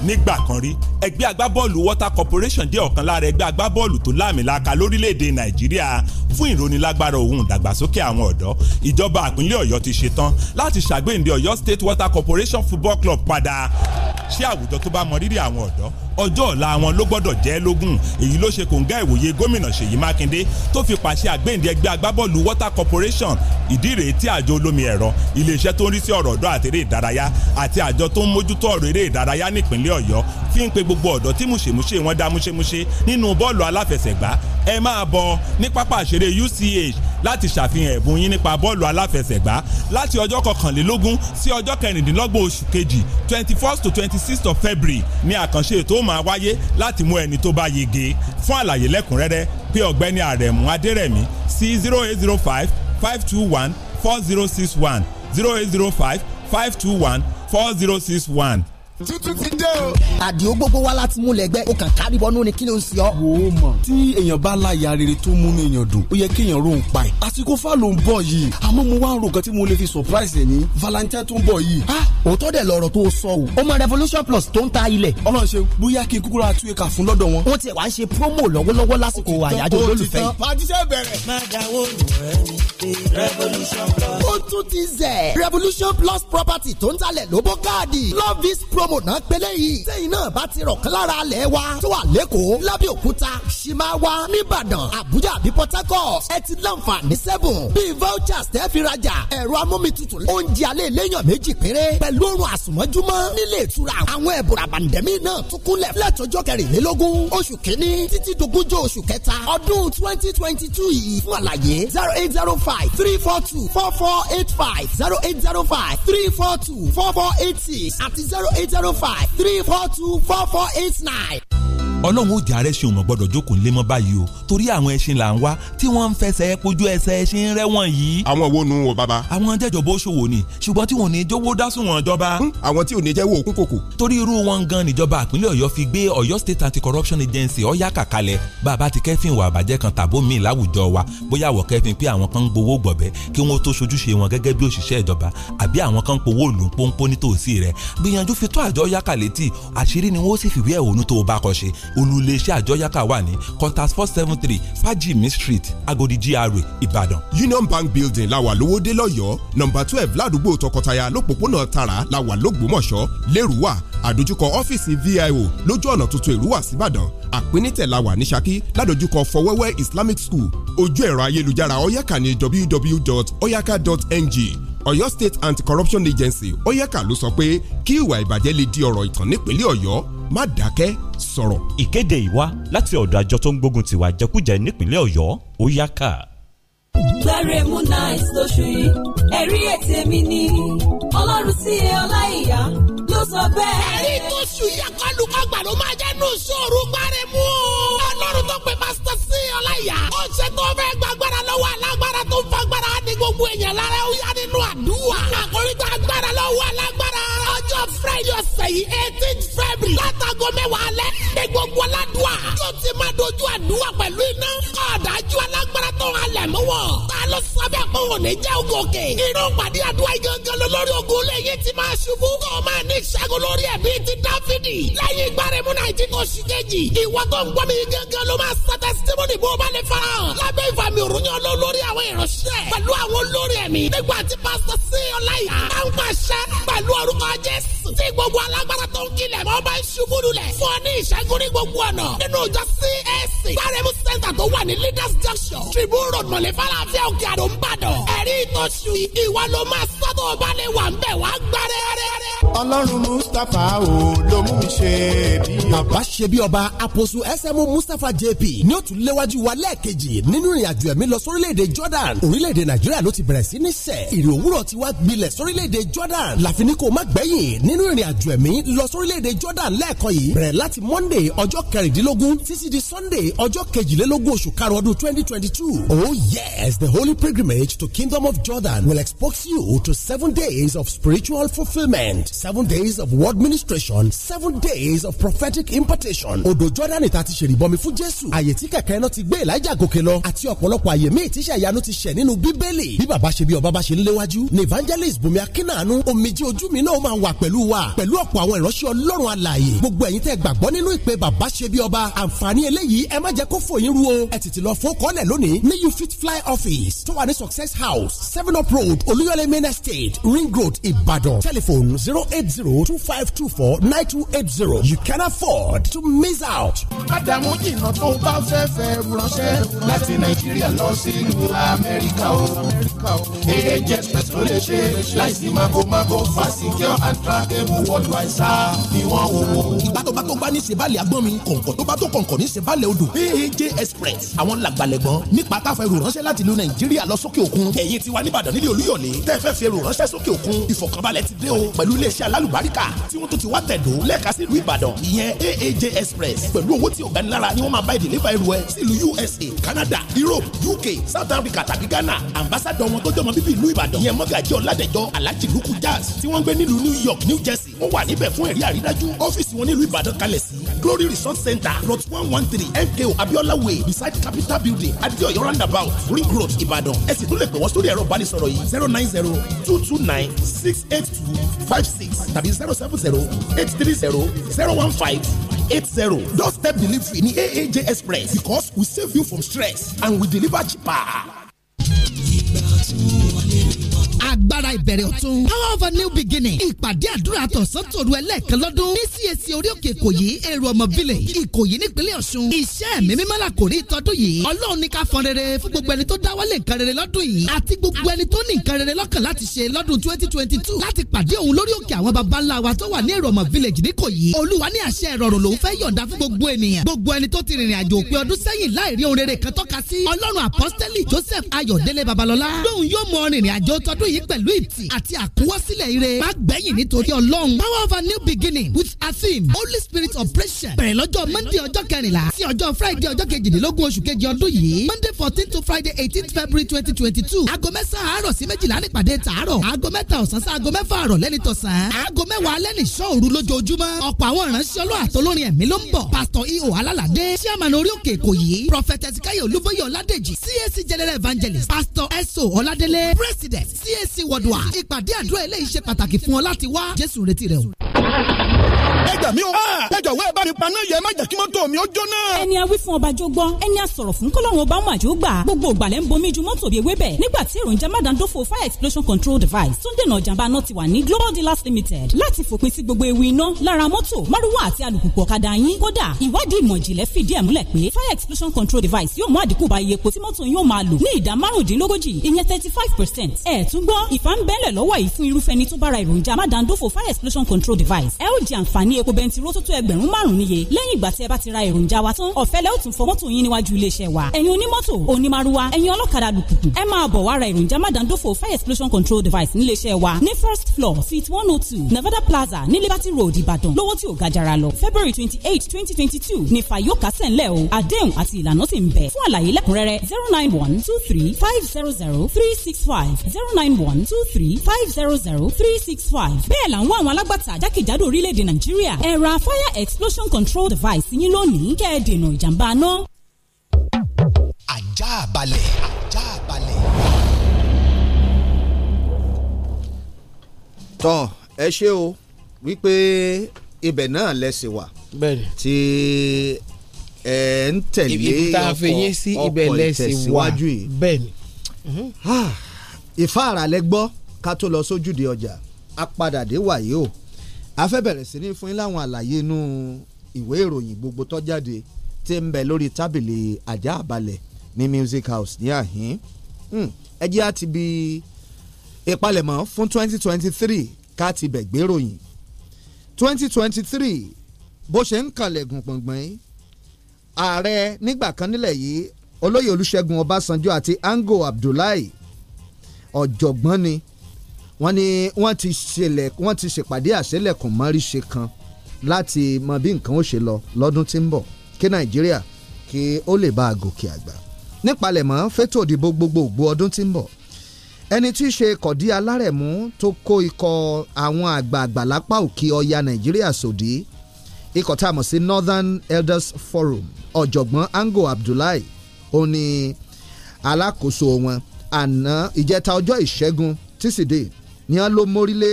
nígbà kan rí ẹgbẹ́ agbábọ́ọ̀lù water corporation jẹ́ ọ̀kan lára ẹgbẹ́ agbábọ́ọ̀lù tó láàmìlaka lórílẹ̀‐èdè nàìjíríà fún ìrónilágbára òun ìdàgbàsókè àwọn ọ̀dọ́ ìjọba àpínlẹ̀ ọ̀yọ́ ti ṣetán láti ṣàgbéǹde ọ̀yọ́ state water corporation football club padà ṣé àwùjọ tó bá mọ rírì àwọn ọ̀dọ́ ọjọ́ ọ̀la wọn ló gbọ́dọ̀ jẹ́ lógún èyí ló ṣe kòńgá ìwòye gómìnà Ṣèyí Mákindé tó fi pàṣẹ àgbéǹde ẹgbẹ́ agbábọ́ọ̀lù Water Corporation ìdí rèé tí àjọ olómi ẹ̀rọ iléeṣẹ́ tó ń rí sí ọ̀rọ̀ ọ̀dọ́ àti eré ìdárayá àti àjọ tó ń mójútó ọ̀rọ̀ eré ìdárayá nípínlẹ̀ Ọ̀yọ́ fi ń pe gbogbo ọ̀dọ́ tí mùṣèmùṣe wọn dá múṣemúṣe nínú bọ́ọ̀lù aláfẹsẹ̀gbá ẹ máa bọ̀ ní pápá ìṣeré UCH láti ṣàfihàn ẹ̀bùn yín nípa bọ́ọ̀lù aláfẹsẹ̀gbá láti ọjọ́ kọkànlélógún sí ọjọ́ kẹrìndínlọ́gbọ̀n oṣù kejì twenty first to twenty sixth of February ní àkànṣe ètò máa wáyé láti mú ẹni tó bá yege fún àlàyé lẹ́kùnrẹ́rẹ́ pé ọ̀gbẹ́ni àrẹ̀mú adẹ́rẹ̀mí sí zero eight zero five five two one four zero six one zero eight zero five five two one four zero six one tuntun ti dé o. àdìo gbogbo wa láti mú lẹgbẹ́ o kàn kárí bọ́nú ni kí ló ń sọ. wò ó mọ̀ tí èèyàn bá láya rere tó múnú èèyàn dùn ó yẹ kéèyàn rò ń pa ẹ̀. àsìkò fà ló ń bọ̀ yìí àmọ́ mo wá ń ro nǹkan tí mo lè fi surprise ẹ̀ ní valentine tó ń bọ̀ yìí. a ah, òótọ́ dẹ̀ lọ̀rọ̀ tó sọ o ọmọ revolution plus tó ń ta ilẹ̀. ọlọ́run ṣe bóyá kí n kúkúrú àtúnyẹ kà fún lọ́dọ̀ wọn. promo lọ́wọ́lọ́wọ́ lásìkò àyájọ́ olólùfẹ́. pàtíṣẹ́ bẹ̀rẹ̀. má revolution plus. property tó ń talẹ̀ lóbó káàdì love is pro gbọ́mọ̀nà pélé yìí sẹ́yìn náà bá ti rọ̀kán lára alẹ̀ wa tó wà lẹ́kọ̀ọ́ lábẹ́òkúta ṣìmáwá nìbàdàn àbújá àbí port harcourt ẹ ti láǹfààní sẹ́bùn bíi vouchers tẹ́ fi rajà ẹ̀rọ amómitutù oúnjẹ alẹ́ lẹ́yìn méjì péré pẹ̀lú oorun àsùnmọ́júmọ́ nílé ìtura àwọn ẹ̀bùrà bàǹdẹ̀mí náà tún kúnlẹ̀ fúlẹ̀tọ́jọ́ kẹrìnlélógún oṣù kínní títí dogúnjọ́ oṣù kẹta ọdún twenty twenty two yìí fún àlàyé zero eight zero five three four two four four eight five zero eight zero five three four two four four eight six àti zero eight zero five three four two four four eight nine ọlọ́run ó jẹ́ arẹ́sìn òmò gbọ́dọ̀ jókòó nílé mọ́ báyìí o torí àwọn ẹṣin là ń wá tí wọ́n ń fẹsẹ̀ kojú ẹsẹ̀ ẹṣin rẹ́wọ̀n yìí. àwọn wo nu wo bàbá. àwọn jẹjọ bó ṣòwò ni ṣùgbọ́n tí wọn ò ní jówó dásùn wọn jọba. àwọn tí ò ní jẹ́ wo òkú kòkò. torí irú wọn gan níjọba àpínlẹ̀ ọ̀yọ́ fi gbé ọ̀yọ́ state anti-corruption agency ọ̀yá kàkalẹ̀ bàbá ti kẹ́fìn wà bàjẹ́ kan tàbó mi láwùjọ wa bóyá àwọ̀ kẹ́fìn pé àwọn kan ń gbowó gbọ̀bẹ́ kí wọ́n tó ṣojúṣe wọn gẹ́gẹ́ bí òṣìṣẹ́ ìjọba àbí àwọn kan ń powó lù ń pónpó olùléṣẹ́ àjọyàká wà ní contact four seven three fajimi street agodi gra ìbàdàn. union bank building la wà lówódé lọ́yọ́ọ́ nọ́mbà twelve ládùúgbò tọkọtaya lọ́pọ̀pọ̀nà tara la wà lógbómọ̀ṣọ́ lẹ́rùwà àdójúkọ ọ́fíìsì vio lójú ọ̀nà tuntun èrúwà síbàdàn àpínítẹ̀ la wà ní ṣakí ládójúkọ fọwẹ́wẹ́ islamic school ojú ẹ̀rọ ayélujára oyaka ní www.oyaka.ng Ọ̀yọ́ State Anti-Corruption Agency oyeka ló sọ pé kí ìwà ìbàjẹ́ lè di ọ̀rọ̀ ìtàn nípínlẹ̀ Ọ̀yọ́ má dákẹ́ sọ̀rọ̀. Ìkéde ìwá láti ọ̀dọ̀ àjọ tó ń gbógun tiwa jẹkújẹ nípínlẹ̀ Ọ̀yọ́ oyeka. Gbáremú nice lóṣù yìí ẹ̀rí ètè mi ni ọlọ́run sí e ọláìyá ló sọ bẹ́ẹ̀. ẹ̀rí tó ṣù yẹ kọ́lù kọ́gbà ló máa jẹ́ nù sóòrù Gbáremú. ọlọ́run tó pe pásítọ̀ sí ọláìyá ó ṣe fẹ́ gbàgbára lọ́wọ́ alágbára tó ń fagbára ní gbogbo èèyàn lára ó yá nínú wà lágbá good friday ọ̀sẹ̀ yìí eighteen february látago mẹ́wàá alẹ́ ní gbogbo ládùá yóò ti máa dojú àdúrà pẹ̀lú iná ọ̀dájú alágbára tó halẹ̀ mú wọ̀ ta ló sọ bẹ́ẹ̀ pé òun ní jẹ́ ògùn òkè inú pàdé àdúrà gangan lórí ogun lẹ́yìn tí máa ṣubú kó o máa ní ìṣẹ́gun lórí ẹ̀mí ti dáfídì lẹ́yìn ìgbà rẹ̀ mú náà ti kó sí kejì ìwọ tó ń gbọ́ mi gangan ló máa sọ tẹsítímọ́nì bó o bá lè fara hàn lábẹ́ ìfàmì òrùnyàn lọ lórí àwọn ìránṣẹ́ pẹ̀lú àwọn olórí ẹ̀mí nígbà tí pásítọ̀ sí ọláyà à ń pàṣẹ pẹ̀lú orúkọ jésù jésù tí gbogbo alágbára tó ń kilẹ̀ mọ́ bá ṣubú lulẹ̀ fún ọ ní ìṣẹ́gun ní gbogbo ọ̀nà nínú ìjọ CAC gbárẹ́mú center tó wà ní leaders junction tribune road mọ̀lẹ́ fàlàfẹ́ òkè àdó ń bàdàn ẹ̀rí ìtọ́sù ìwà ló máa sọ́tò ọba lè wà ń bẹ̀ wá gbárẹ́ ọlọ́run mustapha o ló mú mi ṣe bí ọba. bàbá ṣe bí ọba àpòsù ẹsẹmú mustapha jp ní ó léwájú wa lẹ́ẹ̀kejì nínú ìrìnàjò ẹ̀mí lọ sórílẹ̀‐èdè jordan orílẹ̀‐èdè nàìjíríà ló ti bẹ̀rẹ̀ sí ní sẹ̀ ìrìn òwúrọ̀ ti wá gbilẹ̀ sórílẹ̀‐èdè jordan láfiní nínú ìrìn àjò ẹ̀mí lọ sórílẹ̀-èdè Jordan lẹ́ẹ̀kan yìí bẹ̀rẹ̀ láti Monday ọjọ́ kẹrìndínlógún títí di Sunday ọjọ́ kejìlélógún oṣù karùn-ún ọdún twenty twenty two oh yes the holy pilgrimage to kingdom of Jordan will expose you to seven days of spiritual fulfilment seven days of word ministration seven days of prophetic impartation odò Jordan ìta ti ṣèrìbọmi fún Jésù àyè tí kẹ̀kẹ́ náà ti gbé Èlíjà gòkè lọ àti ọ̀pọ̀lọpọ̀ àyè míì tíṣà ìyanu ti ṣẹ̀ nínú bíbélì bí bàbá ṣe bí ọba bá ṣe ń léwájú ni evangelist Bùnmi Akínàánú omijì ojú mi náà máa wà pẹ̀lú pẹ̀lú pẹ̀lú ọ̀pọ̀ àwọn ìránṣẹ́ ọlọ́run alààyè gbogbo ẹ̀yin tẹ́ gbàgbọ́ nínú ìpè bàbá ṣe bí ọba àǹfààní eléyìí ẹ má jẹ́ kó fòyín ru o ẹ tètè lọ fún kọ́lẹ̀ lónìí ní you fit fly office tó wà ní success house seven up road olúyọlé main estate ring road ìbàdàn telephone zero eight zero two five two four nine two eight zero you can afford to miss out. ádámù jìnnà tó bá fẹ́ fẹ́ ránṣẹ́ láti nàìjíríà lọ sí ìlú amẹ́ríkà o. èdè jẹ́ pẹ̀sọ́ lè ṣe láìsí magomago fásikẹ́ àdúrà àtẹ̀bù wọ́dùwàìsà ni wọ́n wò wò. ìgbà tó bá tó bá ní sèbálẹ̀ àgbọ̀n mi kọ̀ǹkọ̀ tó bá tó kọ̀ǹkọ̀ ní sèbálẹ̀ odò aaj express àwọn làgbàlẹ̀gbọ́n nípa tá a fẹ́ rò ránṣẹ́ láti ìlú nàìjíríà lọ sókè òkun ẹ̀yin tiwa nìbàdàn nílé o pẹ̀lú iléeṣẹ́ alálùbáríkà tí wọ́n aaj express pẹ̀lú owó tí ò gani lára ni wọ́n máa bá ìdílébà ẹrù ẹ usa canada europe uk south africa tàbí ghana ambassadọ̀ wọn tó jọmọ bíbí ìlú ìbàdàn ìyẹn mọ́gàjì ọ̀làdẹ̀jọ alájì lukú jazz tí wọ́n gbé nílùú new york new New Jersey wọ́n wà níbẹ̀ fún ẹ̀rí àrídájú ọ́fíìsì wọn nílùú Ìbàdàn kalẹ̀ sí Glory Resort Center plot one one three MKO Abiola Way beside Capital Building Adeoyo roundabout Ring Road Ìbàdàn ẹ sì lè pè wọ́n sórí ẹ̀rọ ìbánisọ̀rọ̀ yìí zero nine zero two two nine six eight two five six tàbí zero seven zero eight three zero zero one five eight zero doorstep delivery ní AAJ Express because we save you from stress and we deliver cheaper agbára ìbẹ̀rẹ̀ ọ̀tun power of a new beginning ìpàdé àdúrà tọ̀sán tòru ẹlẹ́ẹ̀kan lọ́dún ní CAC orí òkè ìkòyí èrò ọmọ bílẹ̀ ìkòyí nípínlẹ̀ ọ̀ṣun iṣẹ́ mi mímọ́ la kò rí ìtọ́dún yìí ọlọ́run ní ká fọn rere fún gbogbo ẹni tó dáwọ́lé nǹkan rere lọ́dún yìí àti gbogbo ẹni tó ní nǹkan rere lọ́kàn láti ṣe lọ́dún twenty twenty two láti pàdé òun lórí òkè àwọn wa tó wà village níkòyí olúwa ní àṣẹ ìrọ̀rùn lòún fẹ́ yọ̀ǹda fún gbogbo ènìyàn gbogbo ẹni tó ti rìnrìn àjò òpin ọdún sẹ́yìn láì rí ohun rere kan tọ́ka sí ọlọ́run apọ́sítẹ́lì joseph ayọ̀délé babalọ́lá lóun yóò mọ yìí pẹ̀lú ìtì àti àkúwọ́sílẹ̀ ire. Má gbẹ̀yìn nítorí Ọlọ́run. Power of a new beginning with Asim Holy Spirit operation. Bẹ̀rẹ̀ lọ́jọ́ Monday ọjọ́ kẹrìnlá sí ọjọ́ Friday ọjọ́ kejìdínlógún oṣù kejì ọdún yìí. Monday fourteen to Friday eighteen February twenty twenty two. Aago mẹ́sàn-án àárọ̀ sí méjìlá nípàdé tàárọ̀. Aago mẹ́ta ọ̀sán sí aago mẹ́fà àrọ̀ lẹ́ni tọ̀sán. Aago mẹ́wàá alẹ́ nìṣọ́ òru lójoojúmọ́. Ọ̀pọ̀ àwọn ìránṣẹ́ ọlọ́ àtolórin ẹ̀mí ló ń bọ̀. Pastor E.O. Alálàdé. Chairman orí òkè èkó yìí. Prophet Ezekiel Olúbóyè Ọládèjì. CAC General Evangelist. Pastor S.O. Ọládélé. President CAC CAC wọ̀dùà ìpàdé àdúrà eléyìí ṣe pàtàkì fún ọ láti wá Jésù retí rẹ o ẹgbà mi o ah! ẹjọ wẹ́ẹ̀ bá mi paná yẹ má jẹ́ kí mọ́tò mi ó jóná. ẹni a wí fún ọba jó gbọ́ ẹni a sọ̀rọ̀ fún kọ́lọ́run ọba wọn àjò gbà gbogbo ìgbàlẹ̀ ń bomi ju mọ́tò bíi ewébẹ̀ nígbà tí èròjà mádàndófò fire explosion control device tó ń dènà ìjàmbá náà ti wà ní global dealers limited láti fòpin sí gbogbo ewu iná lára mọ́tò márùwá àti alùpùpù ọ̀kadà yín kódà ìwádìí ìmọ̀ ìjìnlẹ̀ fìdí ẹ̀ múlẹ̀ pé fire explosion control device yóò mú àdínkù bá iye epo tí mọ́tò yóò máa lò ní ìdá márùndínlógójì ìyẹn thirty five percent ẹ̀ tún gbọ́ ìfà ń bẹ́lẹ̀ lọ́wọ́ yìí fún irúfẹ́ ẹni tó bára èròjà mádàndófò fire explosion control device ẹ ó jẹ àǹfààní lórí epo bẹntiró tó tó ẹgbẹ̀rún márùn-ún níye lẹ́yìn ìgbà tí ẹ bá ti ra èròjà wa tán ọ̀fẹ́ lẹ́ ó tún fọ mọ́tò yín níwájú iléeṣẹ́ wa ẹ̀yin onímọ́tò onímàrúwa ẹ̀yin ọlọ́kadà lùkùkù ẹ máa bọ̀ wá èròjà mádàndófò fire explosion control device níléeṣẹ́ wa ní first floor suite one oh two Nevada Plaza ní Liberty Road Ìbàdàn lówó tí ò ga jara lọ February twenty eight twenty twenty two ní fàyọkà sẹ́ńlẹ̀ o àdéhùn àti ìlànà sì ń bẹ fún àlàyé lẹ́kùnrẹ́rẹ́ zero nine one two three five zero zero three six five zero nine one two three five zero zero three six five bẹ́ẹ̀ là ń wá àwọn alágbàtà jákèjádò orílẹ̀-èdè Nàìjíríà nàìjíríà ẹ fire explosion control device yín lónìí kẹ́ ẹ dènà ìjàmbá náà. ajá balẹ̀ ajá balẹ̀. tọ́ ẹ ṣe o wípé ibẹ̀ náà lẹ́sìn wà tí ẹ ń tẹ̀lé ọkọ̀ ìtẹ̀síwájú yìí bẹ́ẹ̀ni. Ah, ìfáàrà lẹ gbọ́ ká tó lọ sójúde ọjà a wàyí o a fẹ́ bẹ̀rẹ̀ sí ní fún yín láwọn àlàyé inú ìwé ìròyìn gbogbo tó jáde ń bẹ lórí tábìlì àjà àbálẹ̀ ní music house ní àhín hmm, ẹ jẹ́ àti bí ìpalẹ̀mọ́ fún 2023 ká ti bẹ̀ gbé ròyìn 2023 bó ṣe ń kalẹ̀ gbọ̀ngbọ̀ngbọ̀n yìí ààrẹ nígbà kan nílẹ̀ yìí olóyè olúṣẹ́gun ọbásanjọ́ àti ango abdullahi ọ̀jọ̀gbọ́n ni wọ́n ní wọ́n ti ṣẹlẹ̀ wọ́n ti ṣèpàdé àṣẹlẹ̀kùn mọ́rí ṣe kan láti mọ bí nǹkan ó ṣe lọ lọ́dún tí ń bọ̀ kí Nàìjíríà kí ó lè bá a gòkè àgbà nípalẹ̀mọ́ fétò òdìbò gbogbogbò ọdún tí ń bọ̀ ẹni tí í ṣe kọ̀dí alárẹ̀mú tó kó ikọ̀ àwọn àgbààgbà lápá òkè ọya Nàìjíríà sòdí ikọ̀ tá a mọ̀ sí Northern Elders Forum ọ̀jọ̀gbọ́n Ango Abdullahi ó ní alákòóso wọn àná ìjẹta ọjọ́ ìṣẹ́gun tísídẹ̀ẹ́ ni wọ́n ló mórílé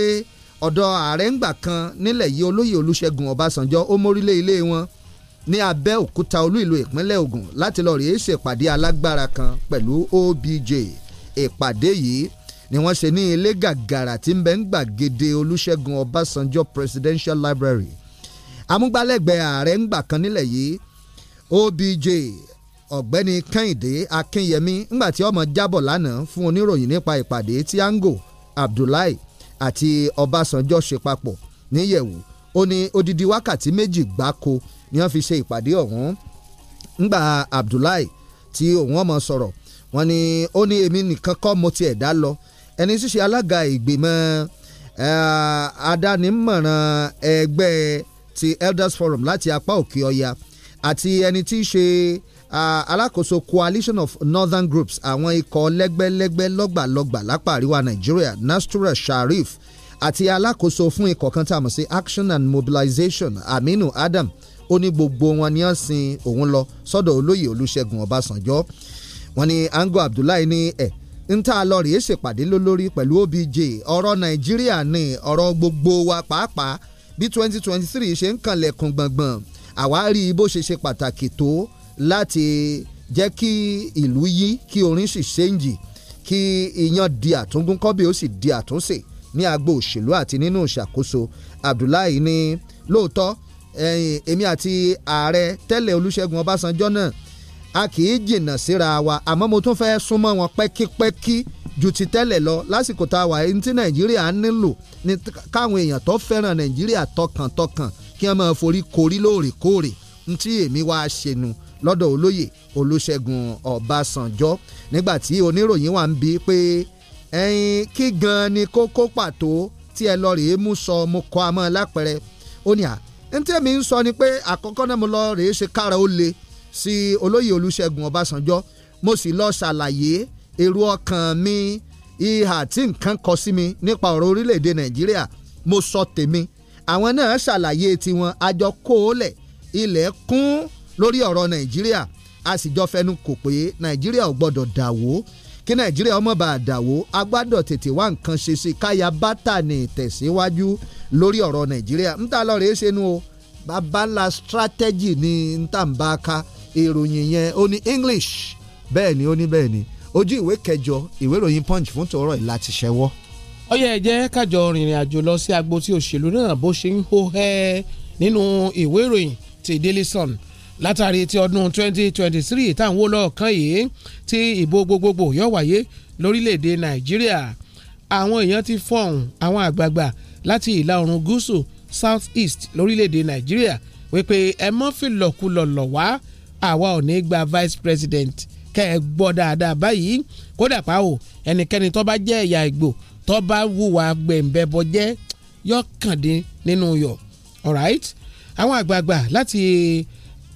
ọ̀dọ̀ ààrẹ ńgbà kan nílẹ̀ yìí olóyè olúṣẹ́gun ọbásanjọ́ ó mórílé ilé wọn ní abẹ́òkúta olú ìlú ìpínlẹ̀ ògùn láti lọ rèé ṣèpàdé alágbára kan pẹ̀lú obj ìpàdé yìí ni wọ́n ṣe ní ilé gàgàrà tí ń bẹ ń gbàgede olúṣẹ́gun ọbásanjọ́ presidential library amúgbálẹ́gbẹ̀ẹ́ ààrẹ ńgbà kan nílẹ̀ yìí obj ọ̀gbẹ́ni kẹ́hìndé akínyẹmí ńgbà tí ọmọ jábọ̀ lánàá fún oníròyìn nípa ìpàdé tí ango Abdullahi àti Ọbásanjọ́ ṣe papọ̀ níyẹ̀wò ó ní odidi wákàtí méjì gbáko ni wọ́n fi ṣe ìpàdé ọ̀hún ńgbà Abdullahi tí òun ọmọ sọ̀rọ̀ wọ́n ní ó ní èmi nìkan kọ́ mo ti ẹ̀dá lọ ẹni ṣíṣe alága ìgbìmọ̀ adánimọ̀ràn ẹgbẹ́ ti Elders Forum láti apá òkè ọya àti ẹni tí ṣe alákòóso coalition of northern groups àwọn ikọ̀ lẹ́gbẹ́lẹ́gbẹ́ lọ́gbàlọ́gbà lápá àríwá nàìjíríà nastura sharif àti alákòóso fún ikọ̀ kan tá a mọ̀ sí action and mobilization aminu adam ó ní gbogbo wọn ni wọ́n sin òun lọ sọ́dọ̀ olóyè olúṣẹ́gun ọbásanjọ́ wọ́n ni ango abdullahi ní ẹ̀ ń tá a lọ rèé ṣèpàdé lólórí pẹ̀lú obj ọ̀rọ̀ nàìjíríà ni ọ̀rọ̀ gbogbo wa pàápàá bí 2023 ṣe ń kanlẹ̀kùn gbọ̀ngbọ̀n àwárí bó ṣe ṣe pàtàkì tó láti jẹ́ kí ìlú yí kí orin sì ṣéǹjì kí iyán di àtúngún kọ́bí ó sì di àtúnṣe ní agbo òṣèlú àti nínú ìṣàkóso Abdullahi ní lóòótọ́ èmi àti ààrẹ tẹ́lẹ̀ Olúṣẹ́gun Ọbásanjọ́ náà a kì í jìnnà síra wa àmọ́ mo tún fẹ́ súnmọ́ wọn pẹ́kípẹ́kí ju ti tẹ́lẹ̀ lọ lásìkò tá a wà ní ti Nàìjíríà nílò ní káwọn èèyàn tó fẹ́ràn Nàìjíríà tọkàntọkàn kí wọ́n máa forí korí lóòrèkóòrè ní tí èmi wá ṣe nu lọ́dọ̀ olóyè olúṣẹ́gun ọbásanjọ́ nígbà tí oníròyìn wà ń bi pé ẹ̀yin kí gan ni kókó pàtó tí ẹ lọ rèé mú sọ mo kọ́ amọ́ lápẹ̀rẹ̀ ó ní à ń tẹ́mi ń sọ ni pé àkọ́kọ́ náà mo lọ rèé ṣe kára ó le sí olóyè olúṣẹ́gun ọbásanjọ́ mo sì lọ ṣàlàyé èrò ọkàn mi ìhà tí nǹkan kọ sí mi nípa ọ̀rọ̀ orílẹ̀-èdè nàìjíríà mo sọ tèmi àwọn náà ṣàlàyé tiwọn àjọ ilẹ̀ kún lórí ọ̀rọ̀ nàìjíríà a sì jọ fẹnu kò pé nàìjíríà ò gbọ́dọ̀ dàwó kí nàìjíríà ọmọ bá a dàwó a gbọ́dọ̀ tètè wá nǹkan ṣe sí káyà bátà ní ìtẹ̀síwájú lórí ọ̀rọ̀ nàìjíríà ń ta lọ́ọ̀rẹ́ ṣe nu o babalá strategy ní ntàǹbàkà ìròyìn yẹn ó ní english bẹ́ẹ̀ ni ó ní bẹ́ẹ̀ ni ojú ìwé kẹjọ ìwé ìròyìn punch fún tòórọ́ ìlà ti ṣẹ́wọ́. ọyẹ ẹ jẹ́ kájọ rìnrìn àjò lọ sí agbo tí òṣèlú náà bó ṣe ń hó ẹ nínú ìwé ìròyìn ti Daily Sun látàrí ti ọdún 2023 táwọn wó lọ́ọ̀kan yìí tí ìbò gbogbogbò yóò wáyé lórílẹ̀‐èdè nàìjíríà àwọn èèyàn ti fọ̀hún àwọn àgbààgbà láti ìlà oòrùn gúúsù south east lórílẹ̀‐èdè nàìjíríà wípé ẹ mọ́ fìlọ̀kulọ̀lọ̀ wá àwa ò ní gba vice president kẹ́ ẹ gbọ́ dáadáa báyìí kódà pa o ẹnikẹ́ni tó bá jẹ́ ẹ̀yà ìgbò tó bá wùwà gbẹ̀ǹbẹ̀bọ jẹ́ yọkàndín nínú yọ alright àwọn àgbààgbà láti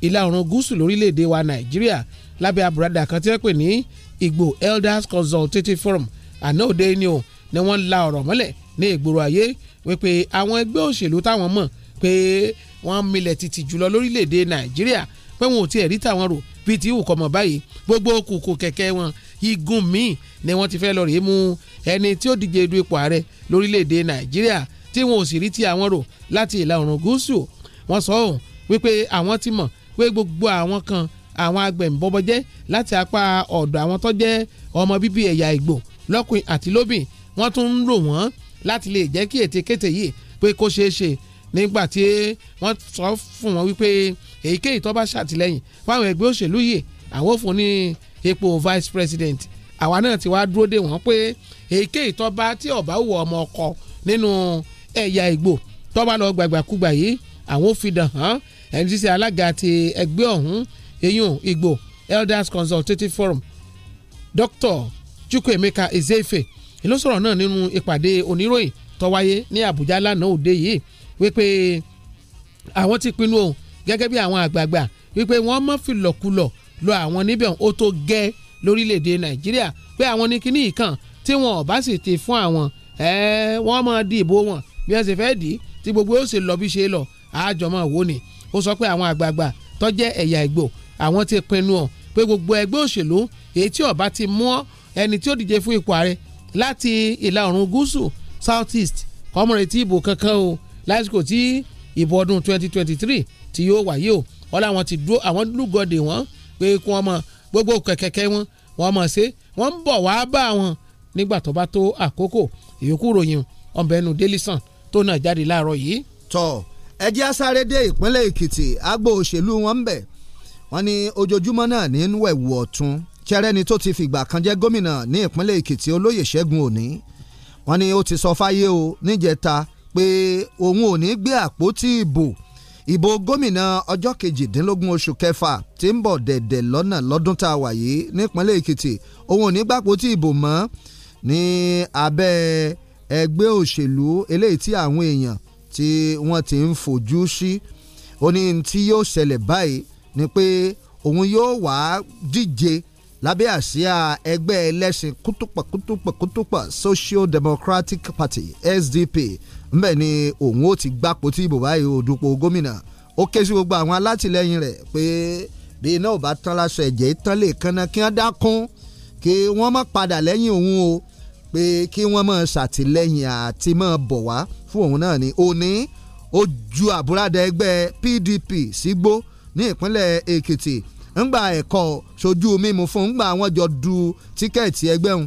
ìlà oòrùn gúúsù lórílẹ̀‐èdè wa nàìjíríà lábẹ́ àbùradà kan tí wọ́n pè ní Ìgbò Elders Consultative Forum àná òde ni o ni wọ́n la ọ̀rọ̀ mọ́lẹ̀ ní ìgboro ayé wípé àwọn ẹgbẹ́ òṣèlú táwọn mọ̀ pé wọ́n milẹ̀ tìtì jùlọ lórílẹ̀‐èdè nàìjíríà pé wọn ò tiẹ̀ rí tàwọn rò bíi ti ìwùkọ̀ mọ̀ báyìí gbogbo kùkù kẹ̀kẹ́ wọn igun míì ni wọ́n ti fẹ́ lọ rèé mú ẹni tí ó díje du ipò ààrẹ lórílẹ̀‐èdè nàìjíríà tí wọn ò sì rí ti àwọn rò láti ìlà oòrùn gúúsù wọn sọ ọ́ wípé àwọn ti mọ̀ pé gbogbo àwọn kan àwọn agbẹ̀mbọ́bọ́jẹ́ láti apá ọ̀dọ̀ àwọn tó jẹ́ ọmọ bíbí ẹ̀yà Ìgbò lọ́kùnrin àti lóbìn wọ́n tún ń rò wọ́n láti lè jẹ́ kí ètekéte yìí pé kó ṣeé ṣe nígbà tí wọ́n sọ fún wọn wípé èyíkéyìí tó bá ṣàtìlẹ́yìn fáwọn ẹgbẹ́ òṣèlú yìí àwọn òfin ní ipò vice president àwa náà ti wá dúró dè wọ́n pé èyíkéyìí tó bá tí ọ̀bá wù ọmọ ọkọ nínú ẹ̀yà Ìgbò tó bá lọ gbàgbàkúgbà yìí àwọn ò fi dàn hàn ẹni tí ṣe alága ti ẹgbẹ́ ọ̀hún eyín Ìgbò Elders Consultative Forum Dr. Chukwuemeka Ezefe ló sọ̀rọ̀ náà nínú ìpàdé oníròyìn tó wáyé ní Àbújá lánàá òde yìí wípé àwọn ti pinnu òun gẹ́gẹ́ bí àwọn àgbààgbà wípé wọ́n mọ̀ fìlọ̀kulọ̀ lọ àwọn níbẹ̀ ó tó gẹ́ lórílẹ̀‐èdè Nàìjíríà pé àwọn ní kíní ìkàn tí wọn ò bá sì ti fún àwọn wọ́n máa di ìbò wọn bí wọ́n ṣe fẹ́ dì í tí gbogbo ó sì lọ bí ṣe lọ àjọmọ̀ wò ni ó sọ pé àwọn àgbààgbà tó jẹ́ ẹ̀yà Ìgbò àwọn ti pinnu ọ̀ pé gbogbo ẹgbẹ́ òṣèlú èyí tí ó bá ti mú ẹni tí ó díje fún ipò ààrẹ láti ìlà oòrùn gúúsù south east kọ́mọ̀rẹ́tì ìbò kankan o lásìkò tí ìbò ọdún 2023 tí yóò wáyé o wọ́n láwọn ti dúró àwọn lúgọ̀dè wọ́n pé kí wọ́n mọ gbogbo kẹ̀kẹ́kẹ́ wọn wọ́n mọ̀ ṣe wọ́n ń bọ̀ wá bá wọn nígbà tó bá tó àkókò ìyókù ròyìn ọ̀bẹ̀nu délìsàn tó náà jáde láàárọ̀ yìí. tọ́ ẹ jẹ́ á sáré dé ìpínlẹ̀ Èkìtì agbo òṣèlú wọn ń bẹ̀ wọ́n ní ojoojúmọ́ náà ní wẹ̀wù ọ̀tún kẹrẹ́ni tó ti fìgbà kan jẹ́ gómìnà ní ìpínlẹ̀ Èkìtì olóyè Ṣẹ́gun Òní wọ́n ní ó ti sọ fáyé o níjẹta pé òun ò ní gbé àpótí ìbò ìbò gómìnà ọjọ́ kejìdínlógún oṣù kẹfà tí ń bọ̀ dẹ̀dẹ̀ lọ́nà lọ́dún tá a wà yìí nípínlẹ̀ Èkìtì òun ò ní gbàpò ìbò mọ́ ní abẹ́ ẹgbẹ́ òṣèlú eléyìí tí àwọn èèyàn tí wọ́n ti ń fojú sí ó ní tí yóò ṣẹlẹ̀ báyìí ni pé òun yóò wá díje lábẹ́ àsíá ẹgbẹ́ ẹlẹ́sìn kútùpà kútùpà kútùpà Social Democratic Party SDP mbẹ́ ni òun ó ti gbapò tí ìbò báyìí ò dupò gómìnà ó ké sí gbogbo àwọn alátìlẹyìn rẹ̀ pé bí iná ò bá tán láṣọ ẹ̀jẹ̀ tán lè kanna kí wọ́n dákún kí wọ́n má padà lẹ́yìn òun o pé kí wọ́n máa ṣàtìlẹ́yìn àti máa bọ̀ wá fún òun náà ni òní ó ju àbúradà ẹgbẹ́ PDP sígbó ní ìpínlẹ̀ Èkìtì ńgbà ẹ̀kọ́ sojú mímu fún ńgbà wọn jọ du tíkẹ́ẹ̀tì ẹgbẹ́ òun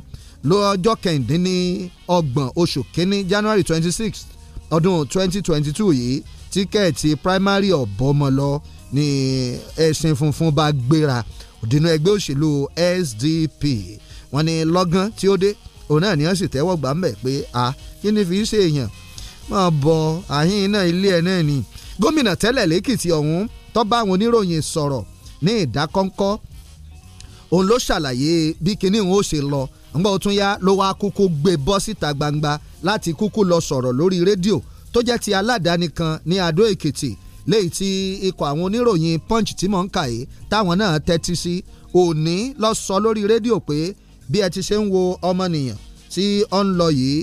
lọ́jọ́ kẹ̀ndínlọ́gbọ̀n oṣù kínní January twenty six ọdún twenty twenty two yìí tíkẹ́ẹ̀tì primary ọ̀bọ̀mọ ni ní ẹ̀sìn funfun bá gbéra òdìnnú ẹgbẹ́ òṣèlú SDP wọ́n ní lọ́gán tí ó dé òun náà ni wọ́n sì tẹ́wọ́ gbà ń pé a kí ni fi ṣe èèyàn máa bọ àhín iná ilé ẹ̀ náà ni gómìnà tẹ́lẹ̀ lẹ́kìtì ọ̀hún tó bá àwọn oníròyìn sọ̀rọ̀ ní ìdákọ́ńkọ́ òun ló ṣàlàyé bí kinní òun ó ṣe lọ ńgbà ó tún yá ló wá kúkú gbé bọ́ síta gbangba láti kúkú lọ sọ̀rọ̀ lórí rédíò tó jẹ́ ti aládàáni kan ní Adó Èkìtì léyìí tí ikọ̀ àwọn oníròyìn Punch tí mò ń kà yìí táwọn náà tẹ́tí sí òní lọ sọ lórí rédíò pé bí ẹ ti ṣe ń wo ọmọnìyàn tí ó ń lọ yìí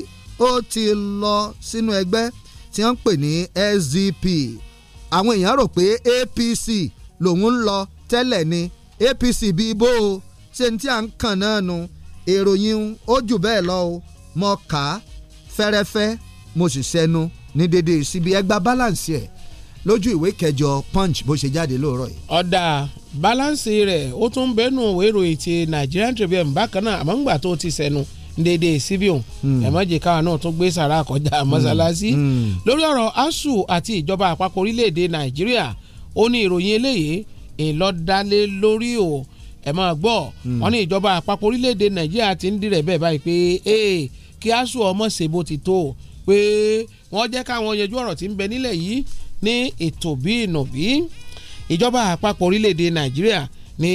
ó ti lọ sínú ẹgbẹ́ tí wọ́n ń pè ní SDP àwọn èèyàn rò pé APC lòun ń lọ tẹ́lẹ̀ ni APC bíi bó o ṣe ní tí à ń kàn náà nu èròyìn ó jù bẹ́ẹ̀ lọ o mo kà á fẹ́rẹ́fẹ́ mo sì ṣẹnu ní dédé síbi ẹgbà balance ẹ̀ lójú ìwé kẹjọ punch bó ṣe jáde lóòrọ̀ yìí. ọ̀dà balance rẹ̀ ó tún ń bẹ́nu ìwéèrò ètè Nigerian Tribune bákan náà àmọ́ ńgbà tó ti sẹ́nu dédé síbíùn hmm. ẹ̀mọ́jì káwọn náà tún gbé sàrà kọjá hmm. mọ́sálásí hmm. lórí ọ̀rọ̀ ASUU àti ìjọba àpapọ̀ orílẹ̀-èdè Nàìjíríà ó ní ìròyìn eléyìí ìlọ́dálé lórí o ẹ máa gbọ́ wọn ní ìjọba àpapọ̀ orílẹ̀-èdè Nàìjíríà ti ń dirẹ̀ bẹ́ẹ̀ báyìí pé ee kí ASUU ọmọ ṣèbó ti tó pé wọ́n jẹ́ káwọn yanjú ọ̀rọ̀ tí ń bẹ nílẹ̀ yìí ní ètò bí ìnàbí ìjọba àpapọ̀ orílẹ̀-èdè nàìjíríà ní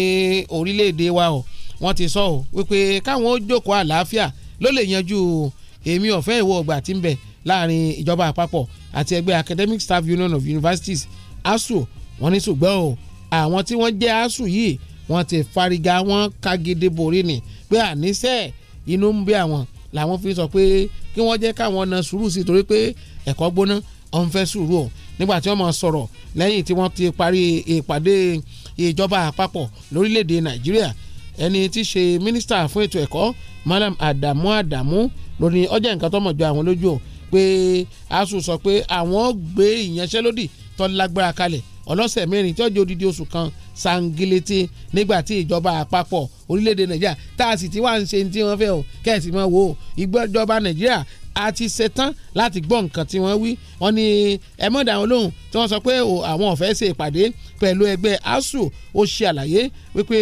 orílẹ̀-èdè wa ọ̀ wọ́n ti sọ ọ́ wípé káwọn ó jókòó àlàáfíà ló lè yanjú èmi ọ̀fẹ́ ìwọ ọgbà tí ń bẹ láàrin ìjọba àpapọ̀ àti ẹgbẹ́ academic staff union of universities asu wọ́n ní ṣùgbọ́n o àwọn tí wọ́n jẹ́ asu yìí wọ́n ti fariga wọ́n kagidi borí ni pé àníṣe inú ń bí àwọn làwọn fi sọ pé kí wọ́n jẹ́ káwọn na sùúrù sí torí pé ẹ̀kọ́ gbóná ọ̀n fẹ́ sùúrù o nígbà tí wọ́n mọ̀ sọ̀rọ̀ lẹ́yìn tí wọ́n ti parí ìpàdé ìjọba àpapọ̀ lórílẹ̀‐èdè nàìjíríà ẹni tí í ṣe mínísítà fún ètò ẹ̀kọ́ Malam Adamu Adamu ló ní ọjà nǹkan tó mọ̀ jọ àwọn lójú o pé ASUU sọ pé àwọn gbé ìyanṣẹ́lódì tó lágbára kalẹ̀ ọlọ́sẹ̀ mẹ́rin tí ó jẹ́ odidi oṣù kan sangilete nígbà tí ìjọba àpapọ̀ orílẹ̀-èdè nàìjíríà tá a sì ti wá ń ṣe tí wọ́n fẹ́ o kẹ́sì mọ́ wo ìgbẹ́jọba nàìjíríà a ti ṣetán láti gbọ́ nǹkan tí wọ́n wí wọ́n ní ẹ̀mọ́dà àwọn olóhùn tí wọ́n sọ pé àwọn ò fẹ́ ṣe ìpàdé pẹ̀lú ẹgbẹ́ asuu ó ṣe àlàyé wípé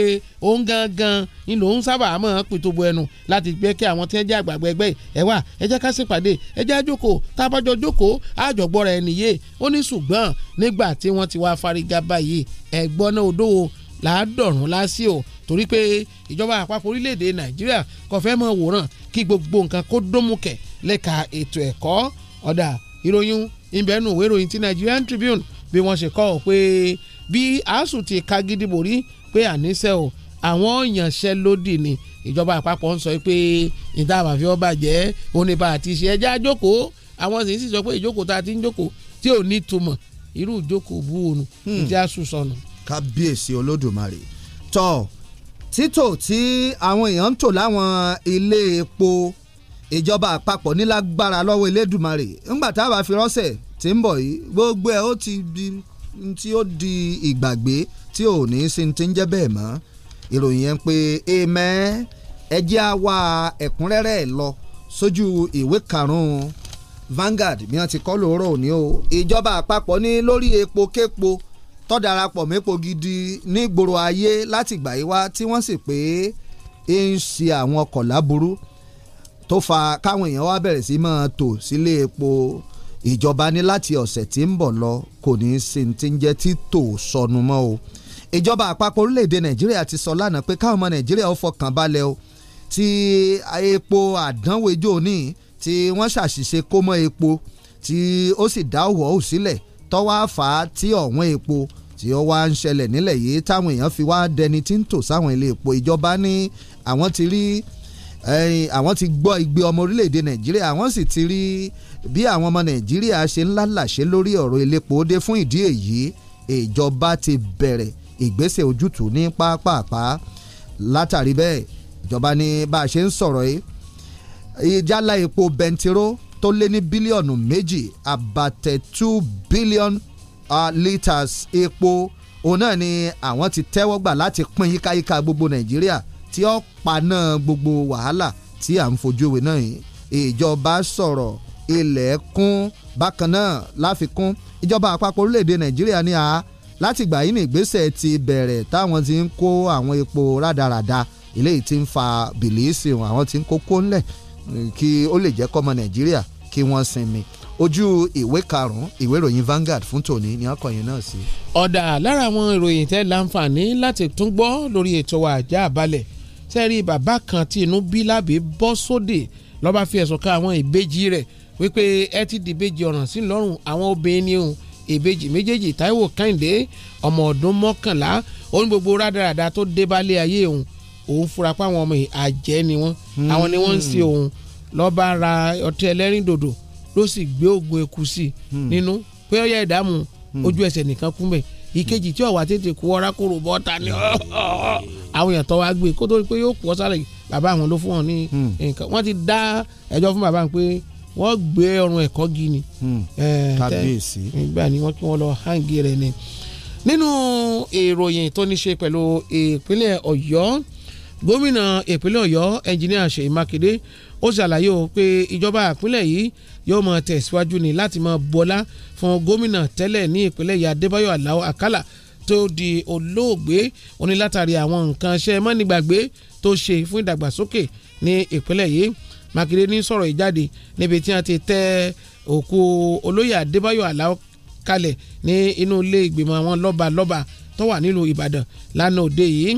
òun gangan ni lòun sábà máa pìtòbò ẹnu láti gbé kí àwọn tí ẹ jẹ́ àgbàgbọ́ ẹgbẹ́ yìí ẹ wà ẹ jẹ́ ká ṣèpàdé ẹ jẹ́ àjòkó tá a bá jọ jókòó àjọgbọ́ra ẹni yé ó ní ṣùgbọ́n nígbà tí wọ́n ti wá fárígá báyìí ẹ̀gbọ́n náà odò làádọ́rùn lásì o torí pé ìjọba àpapọ̀ orílẹ̀-èdè Nàìjíríà kò fẹ́ mọ wòran kí gbogbo nǹkan kó dómú kẹ̀ lẹ́ka ètò ẹ̀kọ́ ọ̀dà ìròyìn ìbẹ̀nù ìwé ìròyìn ti Nigerian Tribune bí wọ́n ṣe kọ́ ọ pé bí asuu ti ka gidi borí pé àníṣe o àwọn òyànṣẹ́ lódì ni ìjọba àpapọ̀ ń sọ pé ìta àbàfi ọba jẹ́ onípa àti ìṣe ẹjẹ́ àjókòó àwọn sì ń sì sọ pé ìjókòó tá a ti ń jókòó tí ò ní túmọ̀ irú ìjókòó bú òun ìdí asuu sọnù. kábíyèsí olódùmarè tọ títò tí àwọn èèyàn ń tò láwọn ilé epo ìjọba àpapọ̀ nílágbára lọ́wọ́ Elédùmarè ńgbà tá a bá fi rọ́ṣẹ̀ tí ń bọ̀ yìí gbogbo ẹ̀ ó ti di tí ó di ìgbàgbé tí ò ní sí ti ń jẹ́ bẹ́ẹ̀ mọ́ ìròyìn yẹn pé èèmẹ́ ẹjẹ́ á wá ẹ̀kúnrẹ́rẹ́ lọ sójú ìwé karùn-ún Vanguard bí wọ́n ti kọ́ lóòrọ̀ òní o ìjọba àpapọ̀ ní lórí epo képo tó darapọ̀ mépo gidi nígboro ayé látìgbà yìí wá tí wọ́n sì pé ń ṣe àwọn ọkọ̀ láburú tó fa káwọn èèyàn wá bẹ̀rẹ̀ sí máa tò sílé epo ìjọba ní láti ọ̀sẹ̀ tí ń bọ̀ lọ kò ní í sin ti ń jẹ́ tí tò sọnù mọ́ o ìjọba àpapọ̀ orílẹ̀-èdè nàìjíríà ti sọ lánàá pé káwọn ọmọ nàìjíríà ó fọkàn balẹ̀ o ti epo àdánwò ejò ní tí wọ́n ṣàṣìṣe kó mọ́ epo tí ó sì dá òwò ò sílẹ̀ tọ́wọ́ àfà tí ọ̀wọ́n epo tí ó wá ń ṣẹlẹ̀ nílẹ̀ yìí táwọn èèyàn fi wá dẹni tí ń tò sáwọn ilé epo ìjọba ní àwọn ti rí àwọn ti gbọ́ igbe ọmọ orílẹ̀-èdè nàìjíríà àwọn sì ti rí bí àwọn ọmọ nàìjíríà ṣe ń lálàṣe lórí ọ̀rọ̀ elépo ó dé fún ìdí èyí ìjọba ti bẹ̀rẹ̀ ìgbésẹ̀ ojútùú ní pápápá látàrí bẹ́ẹ̀ ìjọba ní bá a ṣe ń sọ̀rọ̀ yìí ìjálá epo bẹntiró tó lé ní bílíọ̀nù méjì àbàtẹ̀ two billion uh, litres epo òun náà ni àwọn ti tẹ́wọ́ gbà láti pín yíkáyíká gbogbo nàìjíríà tí ó paná gbogbo wàhálà tí à ń fojú ewé náà yìí ìjọba sọ̀rọ̀ ilẹ̀ bákan náà láfikún ìjọba àpapọ̀ orílẹ̀-èdè nàìjíríà ní a láti gbà yín ní ìgbésẹ̀ ti bẹ̀rẹ̀ táwọn ti ń kó àwọn epo rádaràda eléyìí ti ń fa bìlíìsì wọn àwọn ti ń kó kó ńlẹ̀ eh, kí ó lè jẹ́ kọ́mọ nàìjíríà kí wọ́n sinmi ojú ìwé karùn-ún ìwé ìròyìn Vanguard fún tòní ni akọ̀yìn náà sí. ọ̀dà lára àwọn ìròyìn tẹ́ láǹfààní láti tún gbọ́ lórí ètò àjà àbálẹ̀ sẹ́ẹ̀rí bàbá kan tí inú bí lábẹ́ bọ́ sóde lọ́ba fi ẹ̀sùn kan àwọn ìbejì rẹ̀ wípé ẹ ti dìbejì ọ̀ràn sí lọ́rùn àwọn obìnrin ni òun ìbejì méjèèjì Táíwò Kẹ́hìndé ọmọ ọdún mọ́kànlá òun gbogbo rádaràda tó dé balẹ̀ ayé òun òun fura pa àwọn ọmọ yìí àjẹ́ ni wọ́n àwọn ni wọ́n ń ṣe òun lọ́ba ra ọtí ẹlẹ́rìn dòdò ló sì gbé oògùn eku sí hmm. nínú pé ó yẹ ìdààmú hmm. ojú ẹsẹ̀ nìkan kú mẹ́ ìkejì tí ọ̀wà tètè kú ọ̀rá kóró bọ́ ta ni <laughs> àwọn èèyàn tó wá gbé kó tó rí pé yóò kú ọ sálẹ̀ bàbá àwọn ló fún ọ ní hmm. nǹkan wọ́n ti dá ẹjọ́ fún bàbá pé wọ́n gbé ọrùn ẹ̀kọ́ gi ni. Hmm. kábíyèsí ìgbà ni wọ́n kí wọ́n lọ hangi rẹ̀ ni. nínú ìròyìn tó ní ṣe pẹ̀lú ìpínlẹ̀ ọ̀yọ́ gómìnà ìpínlẹ̀ ọ̀yọ́ ẹnjìníà ṣèyí mákindé ó ṣàlàyé o pé ìjọba ìpínlẹ̀ yìí yóò máa tẹ̀síwájú ni láti máa bọlá fún gómìnà tẹ́lẹ̀ ní ìpínlẹ̀ yìí Adébáyọ̀ Aláò Àkàlà tó di olóògbé onílátàrí àwọn nǹkan ṣe mọ́nìgbàgbé tó ṣe fún ìdàgbàsókè ní ìpínlẹ̀ yìí Mákindé ní sọ̀rọ̀ ìjáde níbi tí wọ́n ti tẹ òkú olóyè Adébáyọ̀ Aláò kalẹ̀ ní inú ilé ìgbìmọ̀ àwọn lọ́balọ́ba tó wà nílùú Ìbàdàn lánàá òde yìí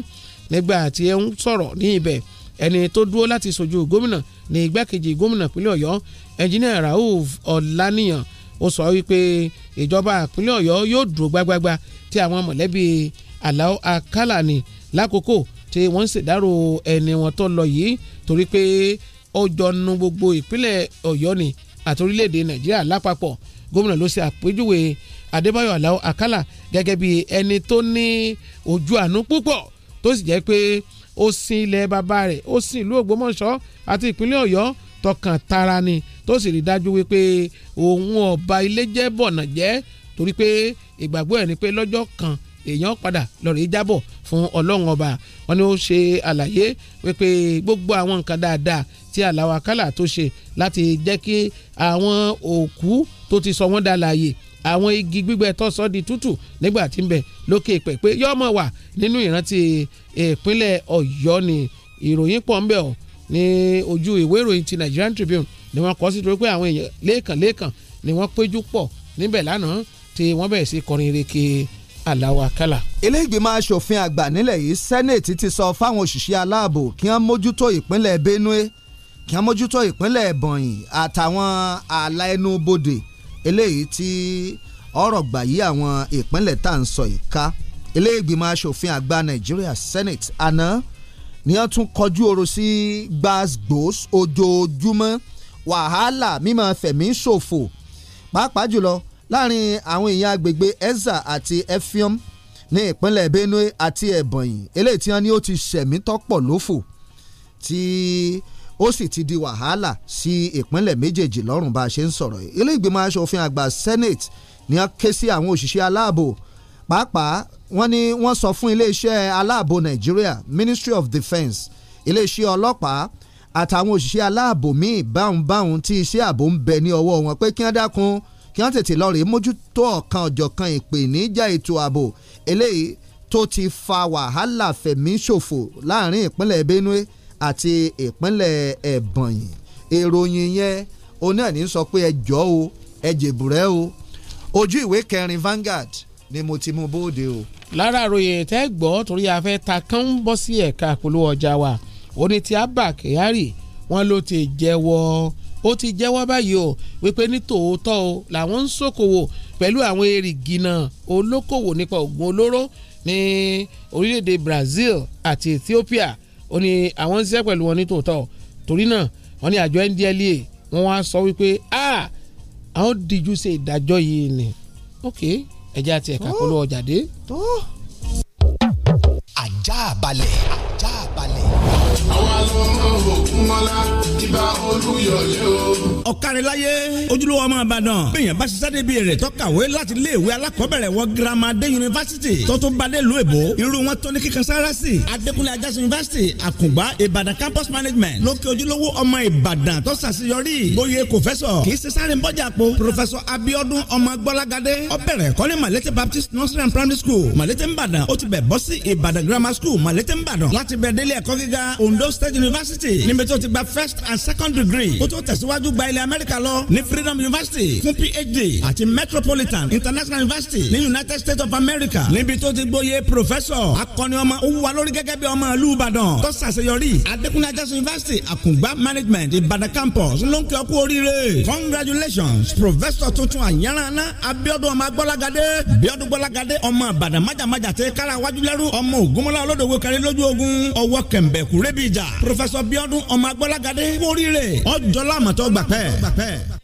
nígbà tí ẹ ń sọ̀rọ̀ ní ibẹ̀ ẹni tó dúró láti sojú gómìnà ní igbákejì gómìnà ìpínlẹ̀ ọ̀yọ́ ẹnjìnìà rauf ọ̀lànìyàn ó sọ wípé ìjọba ìpínlẹ̀ ọ̀yọ́ yóò dúró gbágbágbá tí àwọn mọ̀lẹ́bí alao akala ni lákòókò tí wọ́n ń ṣèdárò ẹni wọn tó lọ yìí torí pé ó jọnu gbogbo ìpínlẹ̀ ọ̀yọ́ ni àti orílẹ̀-èdè nàìjíríà lápapọ̀ gómìnà ló ṣe àpèjúwe adébáyọ̀ alao akala gẹ́gẹ́ bí ẹni tó ní ojú àánú púpọ̀ tó sì jẹ́ pé ó sin ilẹ̀ bàbá rẹ̀ ó sin ìlú Ògbómọ̀ṣọ́ àti ìpínlẹ̀ Ọ̀yọ́ tọkàn tara ni tó sì rí dájú wípé òun ọba ilé jẹ́ bọ̀nà jẹ́ torí pé ìgbàgbọ́ ẹ̀ ni pé lọ́jọ́ kan èèyàn padà lọ́ọ̀rẹ́ jábọ̀ fún ọlọ́run ọba wọn ni ó ṣe àlàyé wípé gbogbo àwọn nǹkan dáadáa tí aláwa kálà tó ṣe láti jẹ́ kí àwọn òkú tó ti sọ wọ́n dá láàyè àwọn igi gbígbẹ tó sọ di tútù nígbà tí ń bẹ lókè pẹ̀pẹ́ yọ́mọ̀ wà nínú ìrántí ìpínlẹ̀ ọ̀yọ́ ni ìròyìn pọ̀ ń bẹ ọ́ ní ojú ìwé ìròyìn ti Nigerian Tribune ni wọ́n kọ sí torí pé àwọn èèyàn lẹ́ẹ̀kan lẹ́ẹ̀kan ni wọ́n péjú pọ̀ níbẹ̀ lánàá tí wọ́n bẹ̀rẹ̀ sí kọrin ìrèké aláwa ilé ìgbìmọ̀ asòfin àgbà nílẹ̀ yìí senate ti sọ fáwọn òṣìṣẹ́ aláàbò kí wọ́n mójútó ìpínlẹ̀ benue kí wọ́n mójútó ìpínlẹ̀ ebonyi àtàwọn ààlà ẹnu bodè eléyìí tí ọ̀rọ̀ gbà yí àwọn ìpínlẹ̀ tá à ń sọ yìí ká ilé ìgbìmọ̀ asòfin àgbà Nàìjíríà Senate àná ni wọ́n tún kọjú ọ̀rọ̀ sí gbàgbós ojoojúmọ́ wàhálà mímọ fẹ̀mí ṣòfò pàápàá jùlọ láàrin àwọn èèyàn agbègbè Ezza àti Effium ní ìpínlẹ̀ Benue àti Ebonyi eléyìí tí wọ́n ní ó ti ṣẹ̀mí tọ́pọ̀ lófò tí. Ti ó sì ti di wàhálà sí ìpínlẹ̀ méjèèjì lọ́rùn bá a ṣe ń sọ̀rọ̀ yìí ilé ìgbìmọ̀ asòfin àgbà senate ni wọ́n ké sí àwọn òṣìṣẹ́ aláàbò pàápàá wọ́n ní wọ́n sọ fún iléeṣẹ́ aláàbò nàìjíríà ministry of defence iléeṣẹ́ ọlọ́pàá àtàwọn òṣìṣẹ́ aláàbò míì báhùn báhùn tí iṣẹ́ ààbò ń bẹ ní ọwọ́ wọn pé kí wọ́n dákun kí wọ́n tètè lọ rèé mójútó ọ̀kan ọ̀jọ̀kan ìpèníjà ètò ààbò eléyìí tó ti fa wàhálà fẹ̀mí ṣòfò láàrin ìpínlẹ̀ benue àti ìpínlẹ̀ Ẹ̀bọ̀nyì ìròyìn yẹn òun náà ní sọ pé ẹjọ́ o ẹjẹ̀bùrẹ́ o ojú ìwé kẹrin Vanguard ni mo ti mú bóde o. lára àròyé tẹ́ gbọ́ torí a ta kán ń bọ́ sí ẹ̀ka polówó ọjà wa ó ní ti Abba Kyari wọn ló ti jẹ́wọ́ ó ti jẹ́wọ́ báyìí o wípé ní tòótọ́ o làwọn ń ṣòkòwò pẹ̀lú àwọn èrìgì náà olókòwò nípa ògùn olóró ní orílẹ̀-èdè Brazil àti Ethiopia ó ní àwọn ń ṣiṣẹ́ pẹ̀lú wọn ní tòótọ́ torí náà wọ́n ní àjọ NDLEA wọ́n wá sọ wípé àwọn díjú ṣe ìdájọ́ yìí ni ok ẹ̀jẹ̀ àti ẹ̀ka polówó ọjà dé. ajá balẹ̀ ajá balẹ̀ àwa lọmọ ògúnmọ́lá ibà olúyọ̀lé o. ọ̀kàrẹ́láyé ojúlówó ọmọ ìbàdàn bẹ́ẹ̀yàn bá ṣiṣẹ́ débi rẹ̀ tọ́kàwé láti iléèwé alákọ̀ọ́bẹ̀rẹ̀ wọ gírámàdé yunifásitì tọ́tún badé lu èbó irú wọn tó ní kíkan sára sí adékúnlé ajásùn yunifásitì àkùngbá ìbàdàn campus management lókè ojúlówó ọmọ ìbàdàn tó ṣàṣeyọrí bóyá kò fẹsọ̀ kì í ṣe sáré bọ́jà po professor abiodun ọmọ gbọ́lágadé ọbẹ̀rẹ̀ kọ́lé malete baptist nursery and primary school malete ńbàdàn ó ti bẹ̀ grammar school malete ńbàdàn láti bẹ̀ délé ẹ̀kọ́ Ondo State University níbi tó ti gba first and second degree kó tó tẹ̀síwájú gba ilẹ̀ Amẹ́ríkà lọ ní Freedom University fún PhD àti Metropolitan International University ní United States of America níbi tó ti gbóyè professor akọni ọmọ òwúwa lórí gẹ́gẹ́ bí ọmọ ìlú Ìbàdàn tó ṣàṣeyọrí Adékúnlé Ajásùn University Àkùngbá management Ìbàdàn campus ló ń kí ọkú oríire congratulations professor tuntun àyànlá Abíọ́dún ọmọ agbọ́lagadé Bíọ́dún gbọ́lagadé ọmọ Ìbàdàn májàmájà tẹ kára wájú lẹ́rú ọmọ ògúnmọ́lá olódòwò kẹrin lójú ogun ọwọ́ kẹ̀m̀bẹ̀kú rébi manager professor Bíọ́dún ọmọ agbọ́lagadé kórìíre ọjọ́ làmọ́tọ́ gbàpẹ́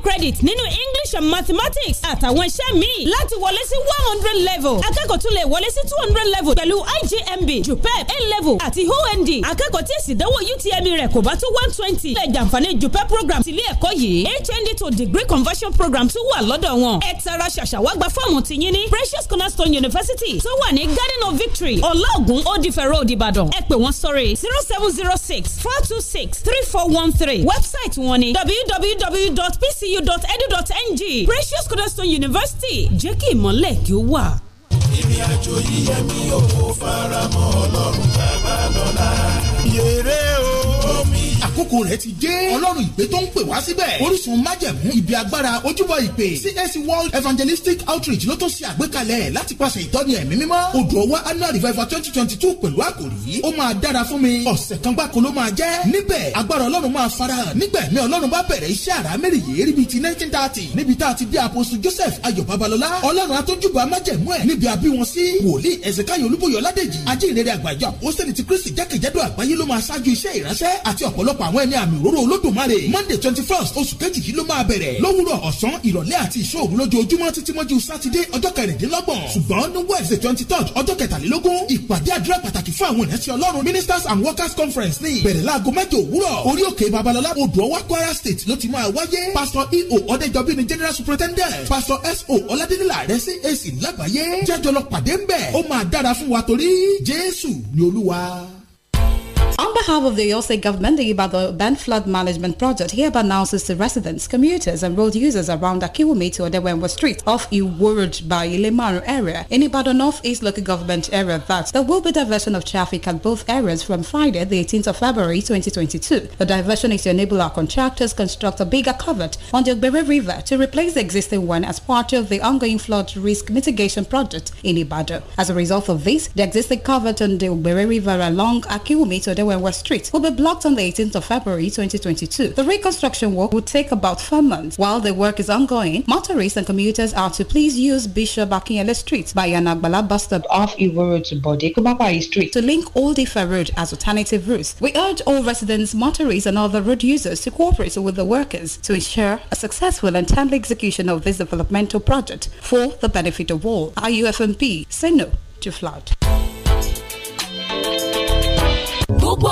credit nínú English and mathematics àtàwọn iṣẹ́ míì láti wọlé sí one hundred level akẹ́kọ̀ọ́ tún lè wọlé sí two hundred level pẹ̀lú IJMB JUPEB A level àti OND akẹ́kọ̀ọ́ tí èsì ìdánwò UTME rẹ̀ kò bá tó one twenty lè jàǹfààní JUPEB program tìlé ẹ̀kọ́ yìí HND to degree conversion program tún wà lọ́dọ̀ wọn ẹ tara ṣàṣàwá gba fọ́ọ̀mù ti yín ní Precious Cornerstone University tó wà ní Garden of Victory ọlọ́ọ̀gùn òdìfẹ̀rọ̀ òdìbàdàn ẹ pè wọ́n sórí zero seven zero six four two six three four one three website wọn ni www.pc edu.ng Precious Cornerstone University jẹ́ kí ìmọ̀lẹ̀ kí ó wà. ìrìn àjò yíyẹ mi ò fara mọ́ ọlọ́run bàbá lọ́la. yèrè àkókò rẹ̀ ti dé ọlọ́run ìpè tó ń pè wá síbẹ̀ orísun májẹ̀mú ibi agbára ojúbọ ìpè CAC World Evangelistic Outreach ló tó ṣe àgbékalẹ̀ láti pàṣẹ ìtọ́ni ẹ̀mí mímọ́ odò ọwá annual revival twenty twenty two pẹ̀lú àkòrí ó máa dára fún mi ọ̀sẹ̀ kan gbáko ló máa jẹ́ níbẹ̀ agbára ọlọ́run máa farahàn nígbà ẹ̀mí ọlọ́run bá bẹ̀rẹ̀ iṣẹ́ àrá mẹ́rìnyé ríbi ti nineteen thirty níbi tá a ti bí àpòsù Joseph Ayọ̀ Babalọ́lá ọlọ́run atójúbà májẹ̀mú ẹ̀ níbi àbí wọn sí wòlíì Ẹ̀sìnkáyọ̀ Olúbóyọ̀ Ládèjì ajínrere àgbàjọ àpòsílẹ̀ ti Kristi jákèjádò àgbáyé ló máa ṣáájú àwọn ẹni àmì òróró olódùmarè monday twenty first oṣù kejì yìí ló máa bẹ̀rẹ̀ lówùrọ̀ ọ̀sán ìrọ̀lẹ́ àti ìṣòro lójoojúmọ́ títí mọ́jú sátidé ọjọ́ kẹrìndínlọ́gbọ̀n ṣùgbọ́n ní wednesday twenty third ọjọ́ kẹtàlélógún ìpàdé àdúrà pàtàkì fún àwọn ìrẹsì ọlọ́run ministers and workers conference ní ìbẹ̀rẹ̀ láago mẹ́jọ òwúrọ̀ orí òkè babalọlá odò ọwá kwara state ló ti máa wáyé pastor e O ọ̀dẹ́jọbí ni general superintendent pastor S O rẹ cac lágbàáyé jẹ́jọ́ lọ pàdé ńbẹ̀ ó máa dára fún wa torí jésù ni olúwa. On behalf of the Yosei government, the Ibado Ban Flood Management Project hereby announces to residents, commuters and road users around Akiwumi to Odewenwa Street off Iwurud by Ilemaru area in North Northeast Local Government area that there will be diversion of traffic at both areas from Friday, the 18th of February 2022. The diversion is to enable our contractors construct a bigger culvert on the Ogbere River to replace the existing one as part of the ongoing flood risk mitigation project in Ibado. As a result of this, the existing culvert on the Ogbere River along Akiwumi to Odewenwa West Street will be blocked on the 18th of February 2022. The reconstruction work will take about four months. While the work is ongoing, motorists and commuters are to please use Bishop Akinyele Street by Yanagbala bus stop off Iwo Road to Bode Kumapai Street to link Old Ife Road as alternative routes. We urge all residents, motorists and other road users to cooperate with the workers to ensure a successful and timely execution of this developmental project for the benefit of all. IUFMP, say no to flood.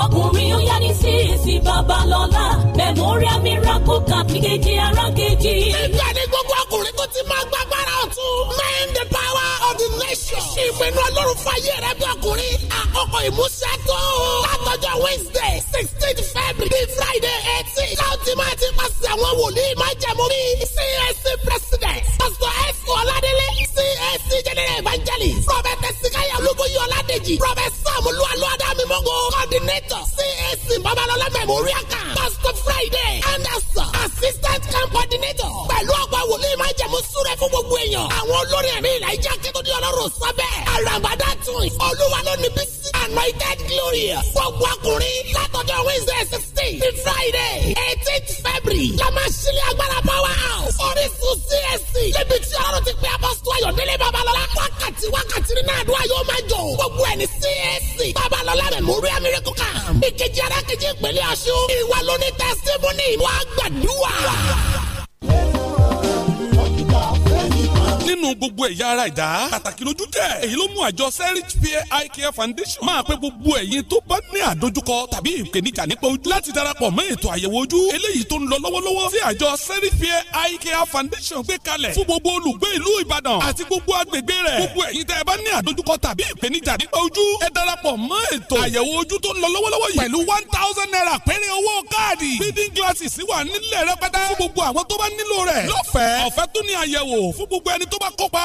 kọkùnrin ó yá ní sísì babalọ́lá memorial miracle camp kejì ara kejì. ibẹ̀ ni gbogbo ọkùnrin tó ti máa gbàgbára ọ̀tún. mind the power of the nation. ṣe ìpinnu ọlọ́run fàyè rẹ bí ọkùnrin. àkókò ìmúṣẹ tó. látọjọ́ wednesday sixteen february bíi friday eighteen. láti máa ti pàṣẹ àwọn wòlíì máa jẹ̀mú mi. csc president pastor s. ọlá CAC general evangelist Prọfẹ̀tẹ̀ Sikaya Olúbóyè Ọládèjì Prọfẹ̀sọ̀ Olúwalú Adámimọ́gò coordinator CAC Babalọlá Memorial Camp Pastor Friday Anderson assistant camp coordinator pẹ̀lú ọgbà wòlíì máa jẹ̀mú súrẹ́ fún gbogbo èèyàn àwọn olórin ẹ̀mí ìlà ìjà kíkúndé ọlọ́run sábẹ́ àràbàdà tún Olúwa ló ní bí anointed glory gbogbo ọkùnrin látọjọ́ Wednesday sixteen Friday eighteenth February la máa ṣílẹ̀ agbára power house. ó máa jò gbogbo ẹni CAC babalọla rẹ mórí amírẹ́kù kan ìkejì ara kejì ìpínlẹ̀ ọ̀ṣun ìwà lóní tẹ́símúnì wàá gbàdúrà. gbogbo ẹ̀yà ara ìdá. pàtàkì lójú jẹ́ èyí ló mú àjọ serich peer eye foundation máa pé gbogbo ẹ̀yin tó bá ní àdójúkọ tàbí ìpèníjà nípa ojú láti darapọ̀ mọ́ ètò àyẹ̀wò ojú eléyìí tó ń lọ lọ́wọ́lọ́wọ́ tí àjọ serich peer eye foundation gbé kalẹ̀ fún gbogbo olùgbé ìlú ìbàdàn àti gbogbo agbègbè rẹ̀ gbogbo ẹ̀yin tẹ́ ẹ bá ní àdójúkọ tàbí ìpèníjà one thousand naira péré owó káàdì reading glasses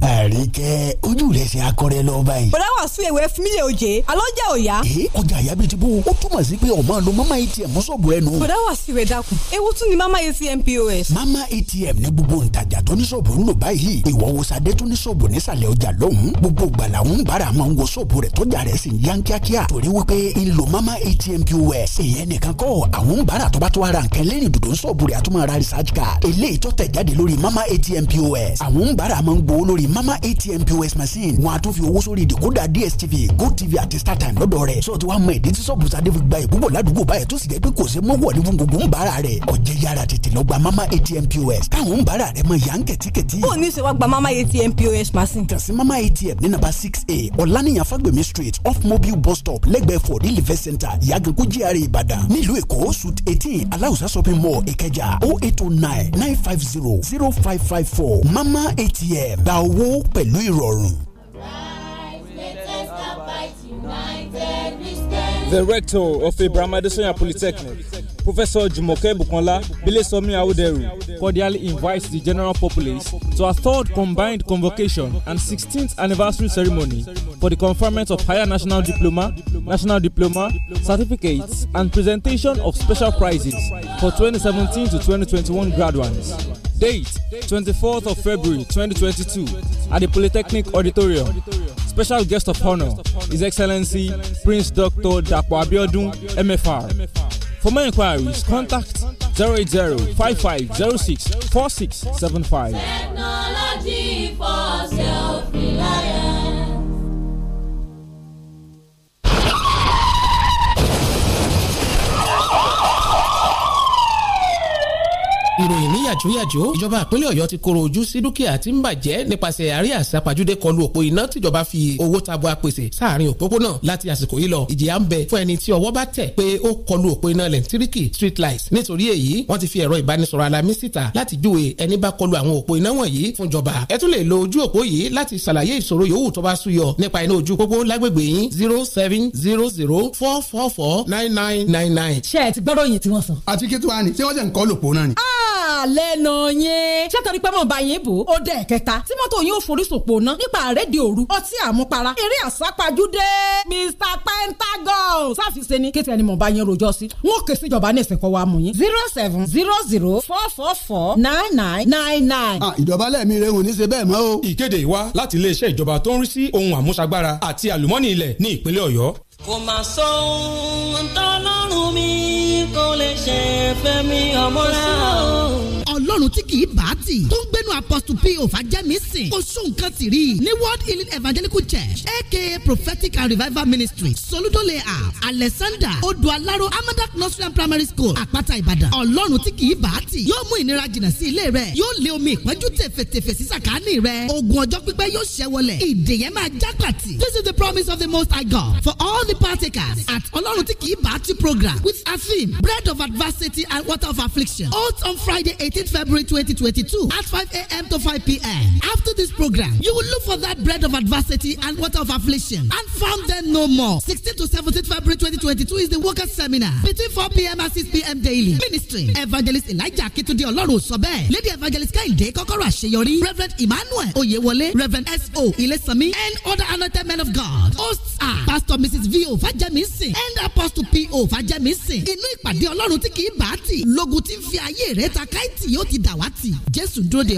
àríkẹ́ ojú rẹ̀ ṣe akọrẹ lọ báyìí. bọ̀dá wà sún ewé fún mi lè oje alọ́ jẹ́ òya. ee ọjà àyà bíi ti bó túmọ̀ sí pé ọmọ lo mama atm mọ́sọ̀bù ẹnu. bọ̀dá wà sí ìwé dákun ewu tún ni mama atm pos. mama atm ní gbogbo ntajà tó ní sọ̀bù ń lò báyìí ìwọ wo sadé tó ní sọ̀bù nísàlẹ̀ ọjà lọ́hùn gbogbo gbala ń bára máa ń wo sọ̀bù rẹ̀ tọ́jà rẹ̀ sì yan kíákíá torí mama atm pos. èèyàn nìkan kọ́ àwọn ń bára tó bá tó ara nǹkan lẹ́yìn dòdò sọ̀bù rẹ̀ mama atm pos. àwọn ń bára mama atm pos machine wọn àtúnfi owó sórí ìdìkúdà dstv gotv àti startime lọ́dọ̀ rẹ̀ sọ ti wá mọ ìdí tí sọ́bùsàdé fi gba ìbúbọ̀ ládùúgbò báyìí tó sì jẹ́ pé kò sí mọ́wọ́ ní gbogbo ń bára rẹ̀ ọ̀jẹ̀ yára tètè lọ gba mama atm pos káwọn ń bára rẹ̀ mọ ìyá ń kẹ̀tíkẹ̀tí. ó ní ṣe wá gba mama atm pos machine. kàn sí mama atm ní nàbà six a ọ̀lànìyàn fagbemi street off mobile bus stop lẹ́gbẹ̀ẹ́ for relief center ìyàgànkú gr ìbàdàn nílùú èkó suit eighteen aláùsá shopping mall ìkẹjà o oh eight o oh nine nine five zero zero five five four mama atm gba owó pẹ̀lú ìrọ̀rùn. The rector of Abraham Adesanya Polytechnic, Professor Jumoke Bukola Bilesomi Awuderu, cordially invites the general populace to a third combined convocation and 16th anniversary ceremony for the conferment of higher national diploma, national diploma, certificates, and presentation of special prizes for 2017 to 2021 graduates. Date 24th of February 2022 at the Polytechnic Auditorium. Special guest of honor His Excellency Prince Dr. Dapo Abiodun, MFR. For more inquiries, contact 080 5506 4675. Technology for ìròyìn níyàjóyàjó ìjọba ìpínlẹ̀ ọ̀yọ́ ti koro ojú sí dúkìá tí ń bàjẹ́ nípasẹ̀ àárẹ̀ àṣàpàjúdé kọlu òpó iná tìjọba fi owó tabua pèsè sáàrin òpópónà láti àsìkò yìí lọ ìjìyà ń bẹ fún ẹni tí ọwọ́ bá tẹ̀ pé ó kọlu òpó iná lẹ́ńtíríkì street light nítorí èyí wọ́n ti fi ẹ̀rọ ìbánisọ̀rọ̀ alamí síta láti júwe ẹni bá kọlu àwọn òpó iná wọ̀nyí fún ìjọba ẹ tún lè lo ojú òpó yìí láti ṣàlàyé ìṣòro yòówù tó bá súyọ nípa iná zero seven zero zero four four four nine nine nine nine. ṣé ẹ ti gbọ́dọ̀ yìí tí wọ́n sọ. àti kí ni. Ah! lẹ́nu yẹn ṣé torí pé bá yín bò ó dẹ̀ kẹta tí mọ́tò yín forísòpò ná nípa àrédìí òru ọtí àmupara eré àsápajúdé Mr Pentagon sáfìsẹ́ ni kéte ẹni mo bá yín rojọ́ sí n ó ké síjọba ní ìsìnkọ́ wa mú yín zero seven zero zero four four four nine nine nine nine. Ah, ìjọba lẹ́ẹ̀mí rẹ̀ ò ní ṣe bẹ́ẹ̀ mọ́ o. ìkéde wa láti iléeṣẹ́ ìjọba tó ń rí sí ohun àmúṣagbára àti àlùmọ́nì ilẹ̀ ní ìpínlẹ̀ Ọ̀yọ́ kò mà sọ ohun tọ́lọ́run mi kò lè ṣe fẹ́mi ọmọ náà. ọlọ́run tí kì í bá tì tó ń gbé nínú apostle p òfàjẹ́mísìn kò sún nǹkan ti rí ní world healing evangelical church aka prophetic and revival ministry soludo layout alexander odualaro amadak nursery primary school àpáta ìbàdàn ọlọ́run tí kì í bá tì yóò mú ìnira jìnnà sí ilé rẹ̀ yóò lé omi ìpọ́njú tẹ̀fẹ̀tẹ̀fẹ̀ sí sàkáání rẹ̀ ogun ọjọ́ pípẹ́ yóò ṣẹ́ wọlẹ̀ ìdè yẹn máa já pàtì this is the promise of the most high god for all the partakers at ọlọ́run tí kì bá tì program with a theme bread of adversity and water of affliction out on friday eighteen february twenty twenty two at five a.m. to 5 p.m. After this program, you will look for that bread of adversity and water of affliction and found them no more. 16 to 17 February 2022 is the workers' seminar between 4 p.m. and 6 p.m. daily. Ministry Evangelist Elijah Akitunde Ọlọ́run Sobe, Lady Evangelist Kehinde Kọ́kọ́rọ́ Àṣeyọrí. Reverend Emmanuel Oyewole. Reverend S.O. Ilesami and other anointed men of God. Hosts are Pastor Mrs. V.O. Fajemisin and Apostle P.O. Fajemisin. Inú ìpàdé Ọlọ́run tí kì í bá reta Lógun tí ń fi ayé ti dàwátì. Jésù dúró de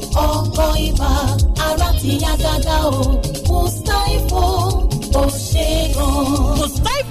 ọkọ̀ ibà ara ti yá gágá o mustapho ò ṣe é gan. mustapho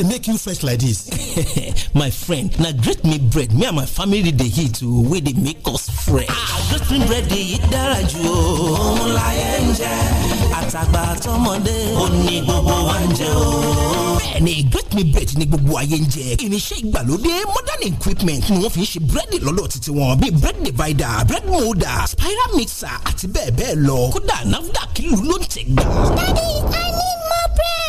dey make you fresh like dis <laughs> my friend na great meat bread me and my family dey eat o oh, wey dey make us fresh ah great meat bread dey dára ju o òun la yẹ ń jẹ àtàgbà àtọmọdé ó ní gbogbo wa ń jẹ o. Oh. bẹ́ẹ̀ni great meat bread ni gbogbo ayé ń jẹ irinṣẹ́ ìgbàlódé modern equipment ni wọ́n fi ń ṣe búrẹ́dì lọ́dọ̀ títí wọn bíi bread divider bread molder spiral mixer àti bẹ́ẹ̀ bẹ́ẹ̀ lọ kódà nafdac lù ló ń tẹ̀ gbà. dadi a ní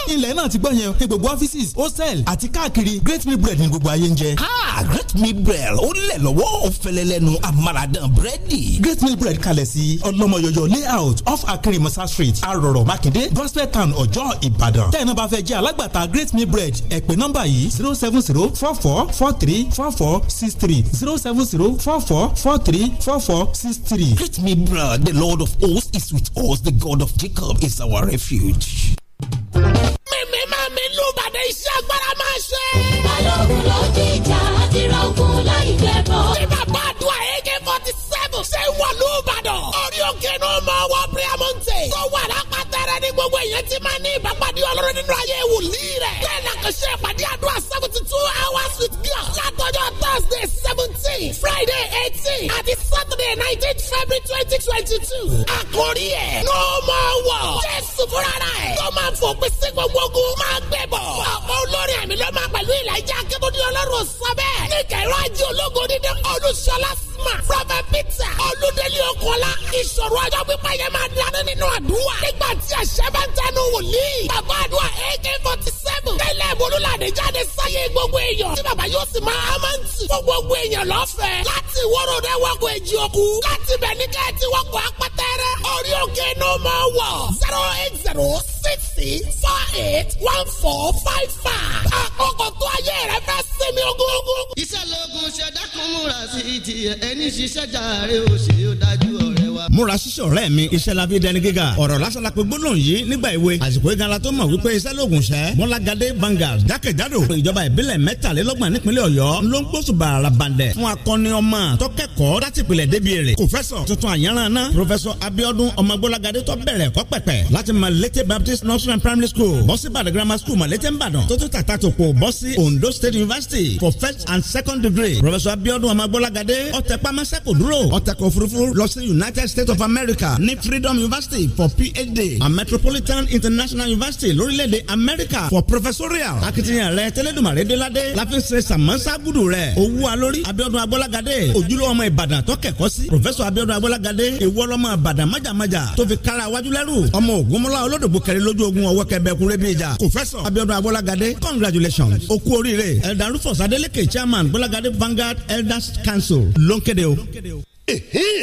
ilẹ̀ náà ti gbọ́ yẹn ní gbogbo offices hostel àti káàkiri great meal bread ní gbogbo ayé ń jẹ. ha great meal bread ó lẹ̀ lọ́wọ́ ó fẹlẹ̀ lẹ́nu àmàlàdàn búrẹ́dì. great meal bread kalẹ̀ sí ọlọ́mọyọyọ layout off akirimasa street arọ̀rọ̀ makinde gospel town ọjọ́ ìbàdàn. tẹ́ẹ̀ náà bá fẹ́ jẹ́ alágbàtà great meal bread ẹ pè nọ́mbà yìí zero seven zero four four four three four four six three zero seven zero four four four three four four six three. great meal bread the lord of hosts is with us the god of jacob is our refuge mímí máa mi lù bàdé iṣẹ́ agbára máa ṣe. balógun ló jíjà àti ra ogun láì gbẹ̀bọ̀. ṣé bàbá àdúrà ak forty seven ṣé wà lù bàdé. ni gbogbo èèyàn ti máa ní ìbápadé ọlọ́run nínú ayé wòlíì rẹ̀. bẹ́ẹ̀ la ìpàdé àdúrà seventy two hours with God látọjọ́ thursday seventeen friday eighteen àti saturday nineteen february twenty twenty two. àkórí ẹ̀ no more war. jésù fúnra rẹ̀ tó máa fòpin sí gbogbo ogun máa gbẹ bọ̀. ọ̀pọ̀ olórin àmì ló máa pẹ̀lú ìlàjà akébọ̀dé ọlọ́run sọ bẹ́ẹ̀. ní kẹ̀rọ ajé ológo dídé olúṣọlá sí Sigma Prophet Peter Olúdélé Ọkọlá ìṣòro ọjọ́ pípa yẹn máa dání nínú àdúrà nígbà tí àṣẹ bá ń tẹnu wòlíì bàbá àdúrà AK forty seven tẹ́lẹ̀ ìbolúlàdé jáde sáyé gbogbo èèyàn tí bàbá yóò sì máa máa ń tì fún gbogbo èèyàn lọ́fẹ̀ẹ́ láti wóró rẹ̀ wọ́kọ̀ èjì òkú láti bẹ̀ ní kẹ́ẹ̀tì wọ́kọ̀ apátẹ́rẹ́ orí òkè ní o máa wọ̀ zero eight zero six six four eight one four five five àkókò tó ayé rẹ fẹ́ sinmi ogógó. iṣẹ́ lóògùn ṣẹ̀dá kún múra sí ti ẹ̀ ẹni ṣiṣẹ́ jàre ó ṣe ó dájú ọ̀rọ̀ múra ṣíṣe ọ̀rẹ́ mi iṣẹ́ la fi dẹni gíga ọ̀rọ̀ lásán la pé gbólóhùn yìí nígbà ìwé àsìkò ìganra tó mọ̀ wípé iṣẹ́ lóògùn ṣẹ́ mọ́lágadé bangal jákèjádò ìjọba ìbílẹ̀ mẹ́tàlélọ́gbọ̀n nípínlẹ̀ ọ̀yọ́ ló ń gbósù bàrà bàndẹ̀ fún akọni ọmọ tọkẹ́kọ̀ọ́ látìpìlẹ̀ débi èrè kòfẹ́sọ̀ tuntun àyànràn náà pòfẹ́sọ̀ abiodun ọmọgbólagadé tó bẹ̀rẹ̀ kọ́ láti malete baptist nursery primary school bọ́sí ìbàdàn grammar school malete ìbàdàn tó tún tàta tó ondo state university for first and second degree pòfẹ́sọ̀ abiodun ọmọgbólagadé ọ̀tẹ̀pámẹ́sẹ̀ kò dúró ọ̀tẹ̀kọ̀ òfurufú lọ sí united State of America ní Freedom University for PhD and Metropolitan International University lórílẹ̀‐èdè America for professorial. Akitiyan rẹ̀ Tẹ́lẹ̀dùmarè Déládé la fi ṣe sàmọ́sá gùdù rẹ̀. Owó alórí Abíọ́dún Abọ́lágadé òjúlówó ọmọ Ìbàdàn tó kẹ́kọ̀ọ́ sí. Professor Abíọ́dún Abọ́lágadé ìwọ́lọ́mọ Ìbàdàn májàmájà tó fi kára wájú lẹ́rù. Ọmọ Ògúnmọ́lá olódògbò kẹrin lójú ogun ọwọ́ kẹbẹ́kúrẹ́ bí ìjà. Professor Abíọ́dún Abọ́lágadé congratulations Oku kú oríire. Elder Rufus Adeleke chairman Bọ́lágadé Vanguard Elders Council ló ń o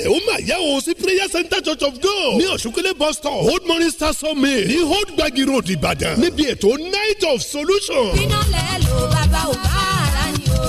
ó mà yá o sí prayer center church of god ní ọ̀ṣunkẹ́lẹ́ bus stop old morning star summit ní old gbagi road ìbàdàn níbi ètò night of solution. iná lẹ́ẹ̀ lo bàbá ò bá ara ni o.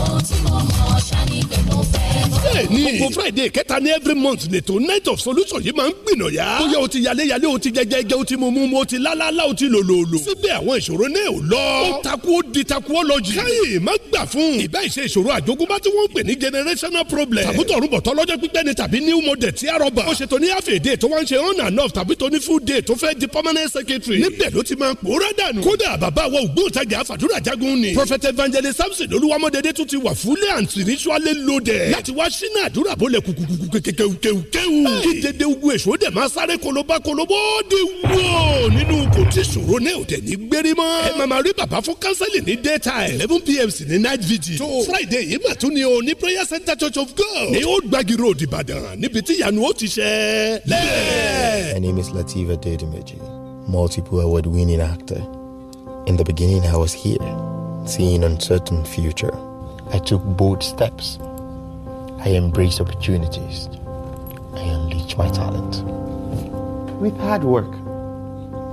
ohun tí mo mọ̀ ṣáà ni pé mo fẹ́ bẹ́ẹ̀ni gbogbo friday kẹta ní every month lètò night of solution yìí máa ń gbìnàyà. bóyá o ti yalé yalé o ti jẹjẹjẹ o ti mumu o ti lálálá o ti lòlòlò. síbẹ̀ àwọn ìṣòro náà ò lọ. ó takú ó di takú ó lọ jù. káyè má gbà fún. ìbá ìṣe ìṣòro àjogúnbá tí wọ́n ń pè ní generational problem. tàbútọ̀rùbọ̀tọ̀ lọ́jọ́ pípẹ́ ni tàbí new model tí a rọ̀bà. ó ṣe tóní half a day tó wá ń ṣe on and off tàbí tóní full day tó fẹ́ di permanent secretary. níbẹ̀ ló ti máa ń pòórá dànù. kódà bàbá wa ògbóǹtajà àfàdúrà jagun ni. prophet evangelist samson olúwamọ́dédé tún ti wà fúlẹ̀ and spiritually loaded. láti wá ṣí nínú àdúrà bó lẹ kùkùkù kékewu kéwu ugu èso dẹ̀ máa sáré kolobá kolobó di wó nínú kò tí ṣòro ní òde ní gbérí mọ́. ẹ màmá rí bàbá fún kánsẹ́lì ní daytime eleven pm sí ní night vigil tó friday yìí mà tún ni o ní prayer center church of god ní ó gbági road ìbàdàn níbi tí ìyanu ó ti ṣẹ se my name is lativa dedemeji multiple award-winning actor in the beginning i was here seeing uncertain future i took bold steps. I embrace opportunities. I unleash my talent. With hard work,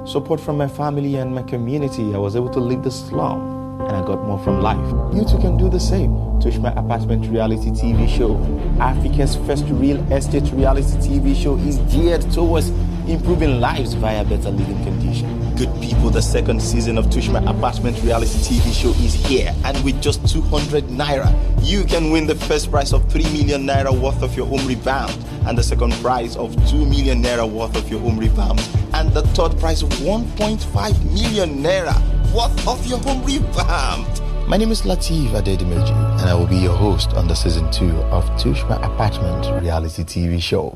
support from my family and my community, I was able to leave the slum and I got more from life. You too can do the same. Toshma Apartment Reality TV Show, Africa's first real estate reality TV show, is geared towards improving lives via better living conditions. Good people, the second season of Tushma Apartment Reality TV show is here, and with just 200 naira, you can win the first prize of 3 million naira worth of your home revamped, and the second prize of 2 million naira worth of your home revamped, and the third prize of 1.5 million naira worth of your home revamped. My name is Latif Adedimeji, and I will be your host on the season two of Tushma Apartment reality TV show.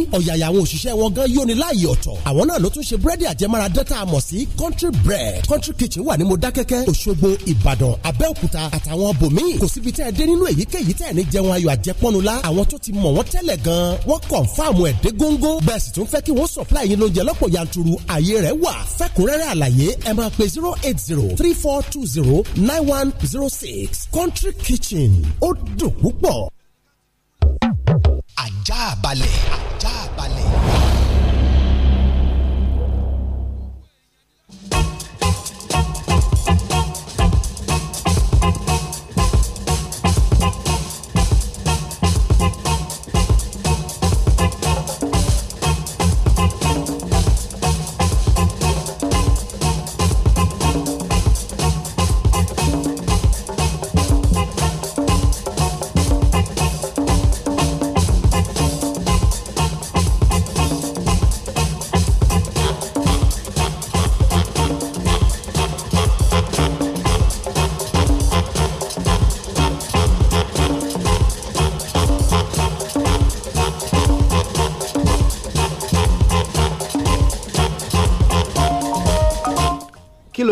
ní ọ̀yàyà àwọn òṣìṣẹ́ wọn gan yóni láàyè ọ̀tọ̀ àwọn náà ló tún ṣe búrẹ́dì àjẹmára dẹ́ta àmọ̀ sí country bread country kitchen wà ní Modákẹ́kẹ́ Òṣogbo Ìbàdàn Abẹ́òkúta àtàwọn bòmíì kò síbi tẹ́ ẹ dé nínú èyíkéyìí tẹ́ ẹ ní jẹun ayọ̀ àjẹpọ́nu la àwọn tó ti mọ̀ wọ́n tẹ́lẹ̀ gan wọ́n kọ̀ǹfàmù ẹ̀ dé góńgó bẹ́ẹ̀ sì tún fẹ́ kí wọ́n zero eight zero three four two zero nine one zero six country kitchen ó àjàbalẹ̀ àjàbalẹ̀.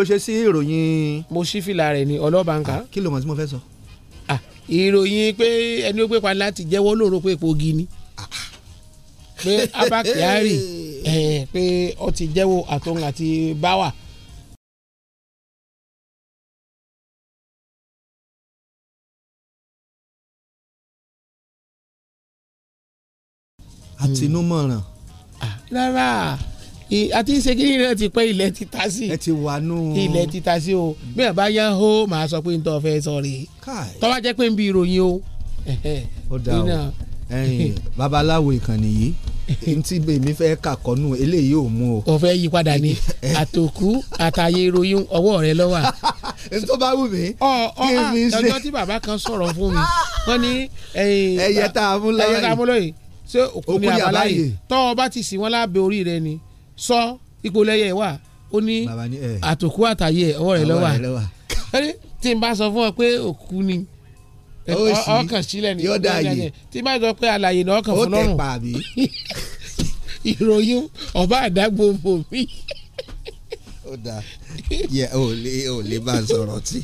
ṣe sí ìròyìn. mo ṣí fìlà rẹ̀ ní ọlọ́bànkà. kí ló mọ̀ tí mo fẹ́ sọ. ìròyìn pé ẹni ó gbé pa láti jẹ́wọ́ lóru pé epo gini ah, ah. pé Abba Kyari <laughs> eh, pé ó ti jẹ́wọ́ àtòun àti báwà. àtinúmọ̀ràn. Hmm. Ah, rárá àti ìṣèkiri náà ti pẹ́ ilẹ̀ ti ta sí. ẹ ti wà nù. ilẹ̀ ti ta sí o mm. bí ẹ bá yá hó màá sọ pé n tọ́ fẹ́ sọ rèé tọ́wá jẹ́ pé n bí ìròyìn o. ó dà o babaláwo ìkànnì yìí <laughs> ntí bèmí fẹ́ kàkọ́nù eléyìí ò mú o. o fẹ́ yí padà ní <laughs> àtòkù àtàyè ìròyìn ọwọ́ rẹ lọ́wọ́ <laughs> tó bá wù mí. ọ ọ ah, ọjọ́ tí bàbá kan sọ̀rọ̀ fún mi wọ́n ní. ẹyẹ tá a mú lọ́yìn ẹyẹ tá a mú lọ́yìn ṣé òkú ni àbáláyé tọ́ ọ bá ti sìn wọ́n lábẹ́ orí rẹ ni sọ ipò lẹ́yẹ wà ó ní àtòkú àtàyè ọwọ́ rẹ̀ lọ́wà tí n bá sọ fún ọ pé òkú ni ọkàn sílẹ̀ ni yóò dá yé tí n bá sọ pé àlàyé ni ọkàn fún lọ́rùn <laughs> ìròyìn ọba àdágbò bò mí. ó dáa yẹ ò lè ò lè bá a sọ̀rọ̀ tí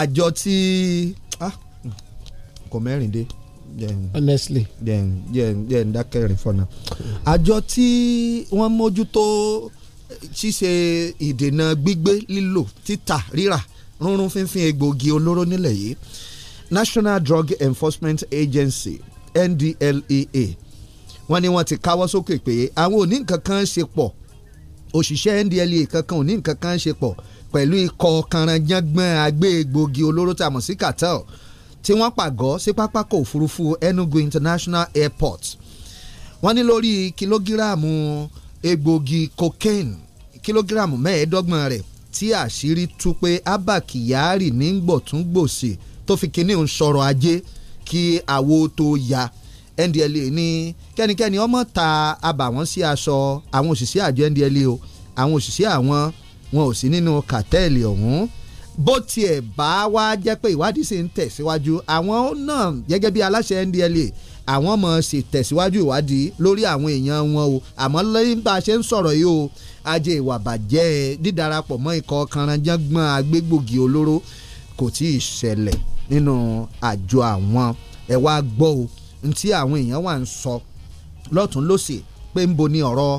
àjọ tí ah, kò mẹ́rin dé honestly. jẹun jẹun jẹun dákẹ́rìn fọ́nà. àjọ tí wọ́n mójútó ṣíṣe ìdènà gbígbé lílò títà rírà rúnrún fínfín egbòogi olóró nílẹ̀ yìí National Drug Enforcement Agency NDLEA wọ́n ní wọ́n ti káwọ́ sókè pé àwọn ò ní nǹkan kan ṣe pọ̀ òṣìṣẹ́ NDLEA kankan ò ní nǹkan kan ṣe pọ̀ pẹ̀lú ikọ̀ kanranjangbọ́n agbé egbòogi olóró tá sí cartel tí wọ́n pàgọ́ sí pápákọ̀ òfurufú Enugu International Airport wọ́n ní lórí kìlógíráàmù egbògi cocaine kìlógíráàmù mẹ́ẹ̀ẹ́dọ́gbọ̀n rẹ̀ tí àṣírí tú pé Abba Kyari ní gbọ̀túngbòsì tó fi kíní ń sọ̀rọ̀ ajé kí àwo tó ya NDLEA ní kẹ́nikẹ́ni ọmọ ta abàwọ́n sí aṣọ àwọn òṣìṣẹ́ àjọ NDLEA o àwọn òṣìṣẹ́ àwọn wọn ò sí nínú kàtẹ́ẹ̀lì ọ̀hún bó tiẹ̀ bá wá jẹ́ pé ìwádìí sì ń tẹ̀síwájú àwọn náà gẹ́gẹ́ bí aláṣẹ NDLEA àwọn ọmọ sì tẹ̀síwájú ìwádìí lórí àwọn èèyàn wọn o àmọ́ lẹ́yìn bá a ṣe ń sọ̀rọ̀ yìí o ajé ìwà bàjẹ́ dídarapọ̀ mọ́ ikọ̀ kanranjàngbọ̀n agbégbògi olóró kò tí ì ṣẹlẹ̀ nínú àjọ àwọn ẹ̀ wá gbọ́ o ntí àwọn èèyàn wà ń sọ lọ́tún lọ́sẹ̀ pé ń bo ni ọ̀rọ̀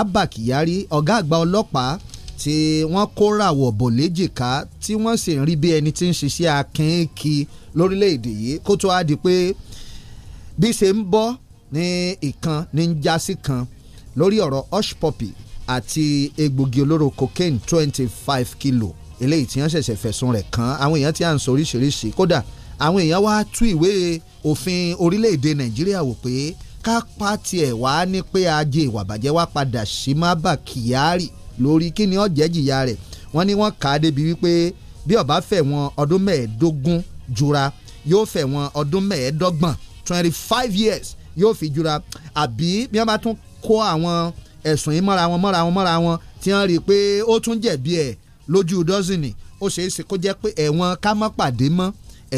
Abba Kyari ọ̀gá àgbà ọlọ́pàá tí wọ́n kóra wọ̀ bò léjìká tí wọ́n sì ń rí bí ẹni tí ń ṣiṣẹ́ akínkì lórílẹ̀‐èdè yìí kó tó á di pé bí ṣe ń bọ́ ní ìkan ní ń jásí kan lórí ọ̀rọ̀ hush àti egbògi olóró cocaine twenty five kilo eléyìí tí wọ́n ṣẹ̀ṣẹ̀ fẹ̀sùn rẹ̀ kàn àwọn èèyàn tí à ń sọ oríṣiríṣi kódà àwọn èèyàn wá tú ìwé òfin orílẹ̀-èdè nàìjíríà wò pé ká pa tiẹ̀ wá ní pé ajé ìwà bàjẹ́ wá padà sí má bà Kyari lórí kí ni ọ̀jẹ̀ jìyà rẹ̀ wọ́n ní wọ́n kà á débi wípé bí ó bá fẹ̀wọ̀n ọdún mẹ́ẹ̀ẹ́dógún jura yóò fẹ̀wọ̀n ọdún mẹ́ẹ̀ẹ́dọ́gbọ̀n twenty five years yóò fi jura àbí bí wọ́n bá tún kó àwọn ẹ̀sùn yìí mọ́ra wọn mọ́ra wọn mọ́ra wọn tí wọ́n rí i pé ó tún jẹ̀bi ẹ̀ lójú dọ́sìnì ó ṣeé ṣe kó jẹ́ pé ẹ̀wọ̀n ká má pàdé mọ́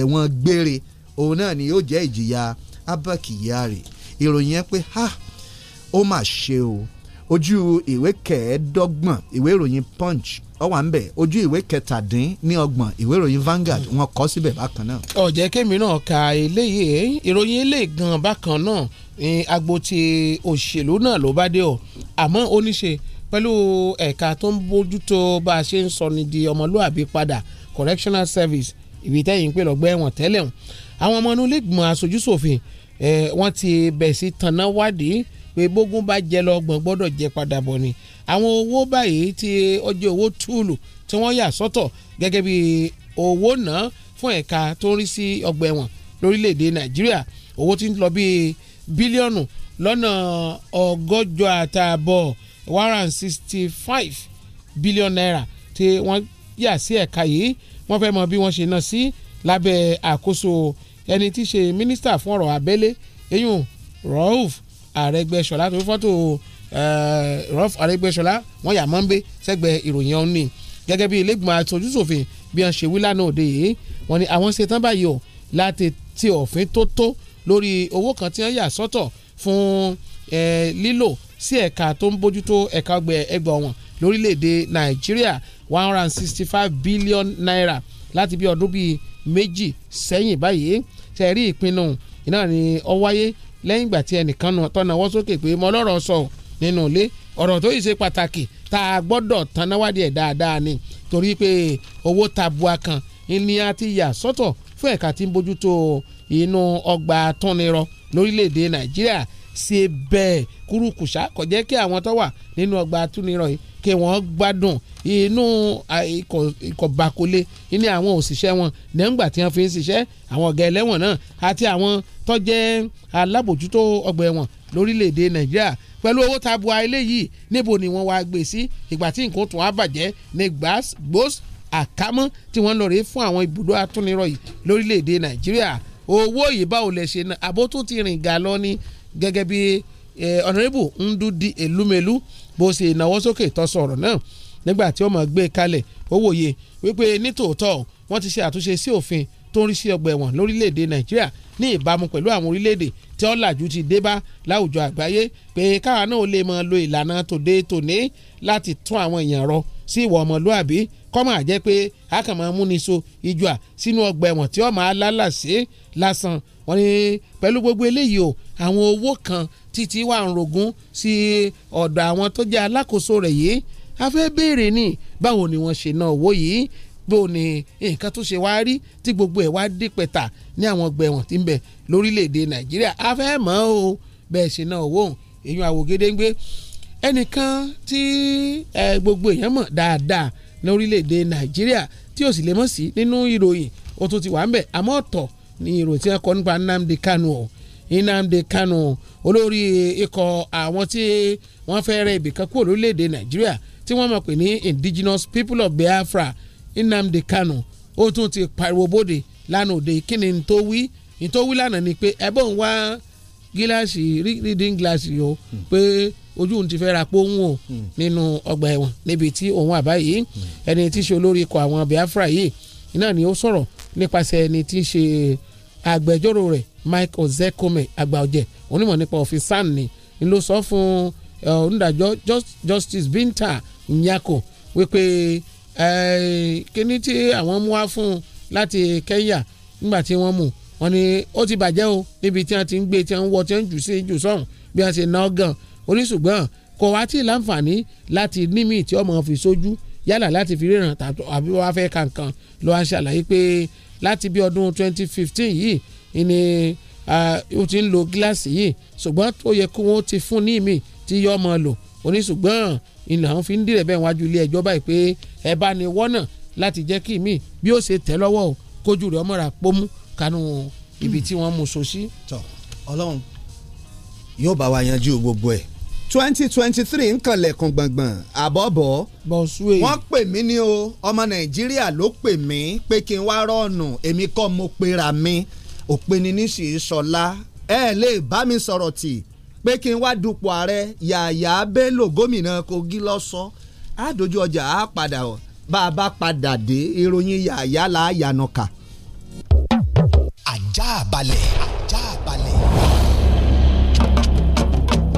ẹ̀wọ̀n gbére òun náà ni yóò jẹ́ ìjìyà Abba Kyari ìròyìn yẹn pé ha ah, ó mà ṣe o ojú ìwé kẹẹ̀ẹ́dọ́gbọ̀n ìwé ìròyìn punch ó wà ń bẹ̀ ojú ìwé kẹtàdín ní ọgbọ̀n ìwé ìròyìn Vanguard wọn kọ síbẹ̀ bákan náà. ọ̀jẹ̀ kémi náà ka eléyìí ìròyìn eléyìí gan bákan náà ní agbo ti òṣèlú náà ló bá dé ọ àmọ́ ó pẹ̀lú ẹ̀ka tó ń bójútó bá a ṣe ń sọ ni di ọmọlúàbí padà correctional service ibi tẹ́yìn pé lọ́gbẹ́ ẹ̀wọ̀n tẹ́lẹ̀ wọn àwọn ọmọ inú ilé ìgbìmọ̀ aṣojú ṣòfin wọ́n ti bẹ̀ sí tanná wádìí pé bógún bá jẹ lọ ọgbọ̀n gbọ́dọ̀ jẹ padà bọ̀ ni àwọn owó báyìí ti ọjọ́ owó túùlù tí wọ́n yà sọ́tọ̀ gẹ́gẹ́ bí owó náà fún ẹ̀ka tó ń rí sí ọgbà ẹ̀wọ̀n lórílẹ̀‐èdè nàìjíríà owó ti ń lọ bíi bílíọ̀nù lọ́nà ọgọ́jọ àtààbọ̀ one hundred and sixty five billion naira tí wọ́n yà sí ẹ̀ka yìí wọ́n fẹ́ mọ bí wọ́n ṣe ná sí lábẹ́ àkóso ẹni tí í ṣe mínísítà fún ọ̀rọ̀ abẹ́lé eyín Rauf Arẹ́gbẹ́ṣọlá tó fọ́tò Ralph Arẹ́gbẹ́ṣọlá wọ́n yà mọ́ńbé sẹ́gbẹ̀ẹ́ ìròyìn ọ̀hún ni gẹ́gẹ́ bí ilégbèmọ̀ àtòjúsòfin bí wọ́n ṣe wí lánàá òde yìí wọ́n ní àwọn ṣe tán báyìí o láti ti òfin tó tó lórí owó kan tí wọ́n yà sọ́tọ̀ fún lílò sí ẹ̀ka tó ń bójútó ẹ̀ka ẹgbẹ́ wọn lórílẹ̀‐èdè Nàìjíríà one hundred and sixty five billion naira láti bí ọdún bíi méjì sẹ́yìn báyìí ṣe rí ìpinnu iná ni ó wáyé lẹ́yìn ìgbà tí ẹnìkan tọ́nàwọ́ sókè pé mo lọ́rọ̀ sọ nínú ilé ọ̀rọ̀ tó yìí ṣe pàtàkì tá a gbọ́dọ̀ tanáwádìí ẹ̀ dáadáa ni torí pé owó tabua kan ni a ti yà sọ́tọ̀ fún ẹ̀ka tí ń bójútó inú ọgbà tónirọ lórílẹ̀‐èdè Nàìjíríà ṣe bẹ́ẹ̀ kúrúkùsà kò jẹ́ kí àwọn tó wà nínú ọgbà atúnirọ̀ yìí kí wọ́n gbádùn inú ìkọ̀bàkọ́lé ní àwọn òṣìṣẹ́ wọn nígbà tí wọ́n fi ń ṣiṣẹ́ àwọn ọ̀gá ẹlẹ́wọ̀n náà àti àwọn tó jẹ́ alábòjútó ọgbà ẹ̀wọ̀n lórílẹ̀‐èdè nàìjíríà pẹ̀lú owó tabua eléyìí níbo ni wọ́n wá gbé sí ìgbà tí nǹkan tún á bàjẹ́ ní gbòs àkámọ́ tí wọ́n lọ rèé fún àwọn ibùdó atúnirọ̀ yìí lórílẹ̀‐èdè nàìjíríà owó yìí báwo ṣe ná rìn gà lọ ni gẹ́gẹ́ bí ọ̀nàrẹ́bù di èlúmẹ́lú bó ṣe ìnáwó sókè tó sọ̀rọ̀ náà nígbà tí ó mọ̀ gbé kalẹ̀ ó wòye wípé nítòótọ́ wọ́n ti ṣe àtúnṣe sí òfin tó ń rí sí ọgbà ẹ̀wọ̀n lórílẹ̀‐èdè nàìjíríà ní ìbámu pẹ̀lú àwọn orílẹ̀‐èdè tí ọ̀làjú ti dé láwùjọ àgbáyé pé káwa náà lè máa lo ìlànà tòde tòní láti tún àwọn èèyàn rọ sí ìwà ọmọlúàbí kọ́mọ àjẹ́ pé a kàn máa sínú ọgbà ẹ̀wọ̀n tí ó máa lálàsé lásán wọn ni pẹ̀lú gbogbo eléyìí o àwọn owó kan títí wà ń rogún sí ọ̀dọ̀ àwọn tó jẹ́ alákòóso rẹ̀ yìí a béèrè ní báwo ni wọ́n ṣe ná owó yìí bó ni nǹkan tó ṣe wá rí tí gbogbo ẹ̀ wá dé pẹ̀tà ní àwọn gbẹ̀wọ̀n tí ń bẹ lórílẹ̀‐èdè nàìjíríà a fẹ́ mọ̀ o bẹ́ẹ̀ ṣe náà wò ó èyàn àwògedengbe ẹnìkan tí gbogbo èèyàn mọ̀ dáadáa lórílẹ̀‐èdè nàìjíríà tí ò sì lè mọ̀ sí nínú ìròyìn ó tún ti wà ń bẹ̀ àmọ́ ọ̀tọ̀ ní ìròyìn tí wọ́n kọ nípa Nnamdi Kanu ọ̀ Nnamdi Kanu olórí ikọ̀ àwọn tí wọ́n fẹ́ rẹ ibìkan kúrò lórílẹ̀‐èdè nàìjíríà tí wọ́n mọ̀ pé ní indigenous people of Biafra Nnamdi Kanu ó tún ti pariwo bóde lánàá òde kí ni n tó wí n tó wí lánàá ni pé ẹ bọ́ ń wá gíláàsì reading gíláàsì o hmm. pé ojú òun ti fẹ́ ra póhùn o hmm. nínú ọgbà ẹ̀wọ̀n níbi tí òun àbá yìí hmm. ẹni tí í ṣe olórí ikọ̀ àwọn Biafra yìí iná ni ó sọ̀rọ̀ nípasẹ̀ ẹni tí í ṣe agbẹjọ́rò rẹ̀ Mike Ozekome Agbaoje onímọ̀ nípa òfin SAN ni n ló sọ fún eh, onídàájọ́ Justice Binta Nyako wípé Eh, kíní tí àwọn mú wá fún un láti Kenya nígbà tí wọ́n mú wọn ni ó ti bàjẹ́ o níbi tí wọ́n ti ń gbé tí wọ́n ń wọ tí wọ́n ń jù sí jù sọ́hùn bí wọ́n ṣe ná gan oníṣùgbọ́n kò wá tí láǹfààní láti nímì tí ọmọ fi sójú yálà láti fi ríran àbí wọ́n á fẹ́ kankan ló wá ṣàlàyé pé láti bí ọdún 2015 yìí ni ah, ó ti ń lo gíláàsì yìí ṣùgbọ́n ó yẹ kó wọ́n ti fún ní ìmì tí yọ ọmọ lò oníṣùgbọ́n ilẹ̀ àwọn fi ń dìrẹ̀ bẹ́ẹ̀ wájú ilé ẹjọ́ báyìí pé ẹ bá ní wọ́nà láti jẹ́ kí mi bí ó ṣe tẹ́ lọ́wọ́ o kójú rẹ̀ ọmọ rà pọ́mú kanú ibi tí wọ́n mú so sí. tọ Ọlọ́run yóò bá wa yanjú gbogbo ẹ̀ twenty twenty three nkànlẹ̀kùn gbọ̀ngbọ̀n àbọ̀bọ̀ wọ́n pè mí ní o ọmọ Nàìjíríà ló pè mí pé kí n wá rọ́ọ̀nù èmi kọ́ mo pera mi òpin ni níṣìí sọlá ẹ lè bá mi sọ̀rọ̀ tì pé kí n wá dupò ààrẹ yàyà bello gómìnà kogi lọ́sọ́ àdójú ọjà á padà ọ̀ bá a bá padà dé ìròyìn yàyà là á yànà kà. ajá balẹ̀ ajá balẹ̀.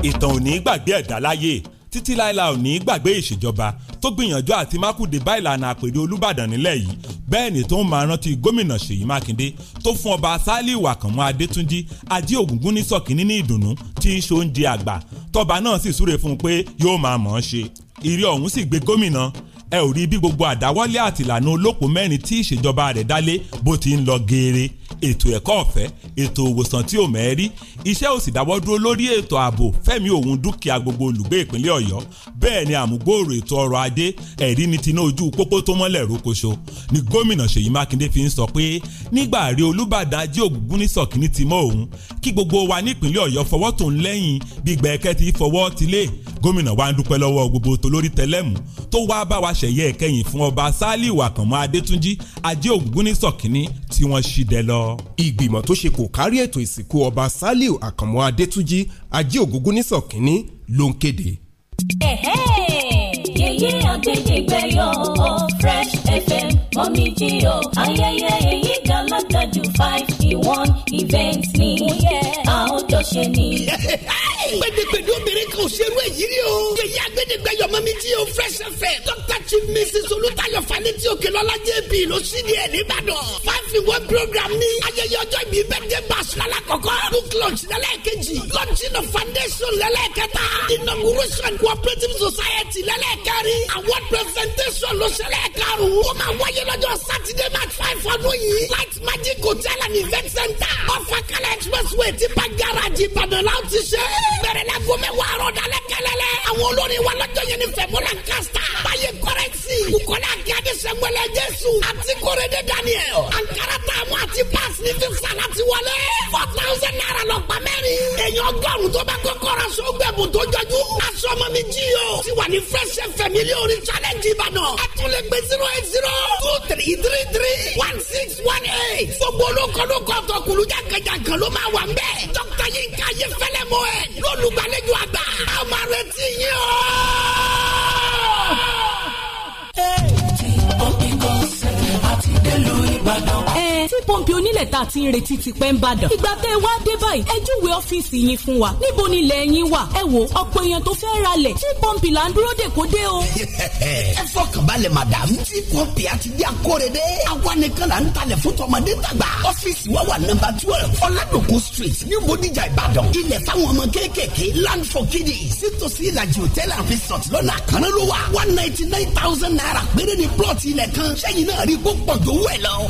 ìtàn ò ní gbàgbé ẹ̀dá láyé títí láìla ò ní gbàgbé ìṣèjọba tó gbìyànjú àti mákùdé bá ìlànà àpèrè olùbàdàn nílẹ̀ yìí bẹ́ẹ̀ ni tó ń máa rántí gómìnà ṣèyí mákindé tó fún ọba sálíù àkànmú adétúnjì adé ògúngún ní sọ̀kínní ní ìdùnnú tí í ṣe oúnjẹ àgbà tọba náà sì súre fún un pé yóò máa mọ̀ ọ́n ṣe ìrí ọ̀hún sì gbé gómìnà ẹ ò rí bí gbogbo àdáwọ́lé àtìlànà olóko mẹ́rin tí ìṣèjọba rẹ̀ dálé bó ti ń lọ geere ètò ẹ̀kọ́ ọ̀fẹ́ ètò òwòsàn tí ò mẹ́rí iṣẹ́ ò sì dáwọ́ dúró lórí ètò ààbò fẹ́mi òun dúkìá gbogbo olùgbé ìpínlẹ̀ ọ̀yọ́ bẹ́ẹ̀ ni àmúgbòòrò ètò ọrọ̀ ajé ẹ̀rí ni tiná ojú pópó tó mọ́lẹ̀ rókoṣo ni gómìnà ṣèyí mákindé fi ń sọ pé nígbà rí olúbàdàn ajé ògúngún ní sọ̀kíní ti mọ́ òun kí gbogbo wa nípínlẹ̀ ọ̀yọ́ fọwọ́ tó ń lẹ́yìn bí gbẹ̀kẹ́ ti fọwọ́ ti gómìnà wa ń dúpẹ́ lọ́wọ́ gbogbo tolórí tẹlẹ́mù tó wá bá wa ṣẹ̀yẹ ìkẹyìn fún ọba sálíù adétúnjì ajé ògúngún ní sọ̀kíní tí wọ́n ṣì dẹ lọ lọ. ìgbìmọ̀ tó ṣe kò kárí ètò ìsìnkú ọba Sàlíù Àkànmú Adétúnjì ajé ògúngúnnísọ̀ kínní ló ń kéde. yèyé àgbẹ̀dẹ̀gbẹ̀yọ̀ Fresh FM mọ́mídìí o ayẹyẹ èyí gàlágàjù five in one event ni oh, a ó jọ ṣe ni. <laughs> gbẹdẹgbẹdẹ obìnrin kan ò ṣerú èyí rí o. yèyí agbẹdẹgbẹ yọmọ mi tí o fresh fẹ. dókítà chief mrs olùtayọ fani tí o kè lọ́la jp ló sì ní ẹ̀ nìbàdàn. five in one program ní. ayẹyẹ ọjọ́ ìbí birthday bash lálàkọ́kọ́. book launch lẹ́lẹ́kejì. launching of foundation lẹ́lẹ́kẹta. inauguration cooperative society lẹ́lẹ́kẹrin. award presentation ló ṣẹlẹ̀ karùn-ún. ó máa wáyé lọ́jọ́ saturday march five ọdún yìí. light magic hotel and event center. ọ̀fà kala expressway ti pa garaji ìbàdàn láti ṣe é bẹ̀rẹ̀ la gomẹ wa rọ dalẹ kẹlẹlẹ. àwọn olórí wa lọ́jọ́ yẹn ni fẹ̀mọ́ lancaster. báyé kọ́rẹ́sì. u kọ́lé àgẹ́dẹ́ sẹ́gbẹ́lẹ́ jésù. àti kóre de daniel. ankara taamu àti paasi ní fisala ti wọlé. four thousand naira lọ gba mẹ́rin. èèyàn ọgọ́rùn tó bá kọ́kọ́rọ́ so gbẹ̀bù tó jọjú. asọ́mọ mi jí o. ti wà ní fresh fm mílíọ̀nù challenge ìbàdàn. a tún lè gbé zero eight zero two three three three one six one eight. gbogbo olókòlókò tó kulujà kẹjà kan máa wà ń bẹ́ẹ̀. dókítà yìí ká yé fẹ́lẹ́ mọ́ lólùgbàlejò àgbà. a máa retí yín o. Hey. tí sẹ́yìn àti délùú Ìbàdàn. ẹ tí pọ́ǹpì onílẹ̀ tá a ti ń retí ti pẹ́ ń bàdàn. ìgbà tẹ́ ẹ wá dé báyìí ẹ júwe ọ́fíìsì yín fún wa níbo ni ilẹ̀ yín wà. ẹ wo ọ̀pọ̀ èèyàn tó fẹ́ ra lẹ̀ tí pọ́ǹpì là ń dúró dè kó dé o. <laughs> ẹ fọkàn balẹ̀ madam tí pọ́ǹpì àti bí akóredé awa nìkan là ń talẹ̀ fún tọmọdé tàgbà. ọ́fíìsì wa wà nọ́mbà twelve ọ̀làdòkun street ní bodijà ìbàdàn. ilẹ̀ fáwọn ọmọ kéékèèké land for kiddies sítòsí ìlàjì hòtẹ́ẹ̀lì and resort lọ́nà àkànlélówà one ninety nine thousand naira péré ni plọ̀tì ilẹ̀ kan sẹ́yìn náà rí gbogbo gbowó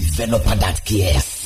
developer that cares.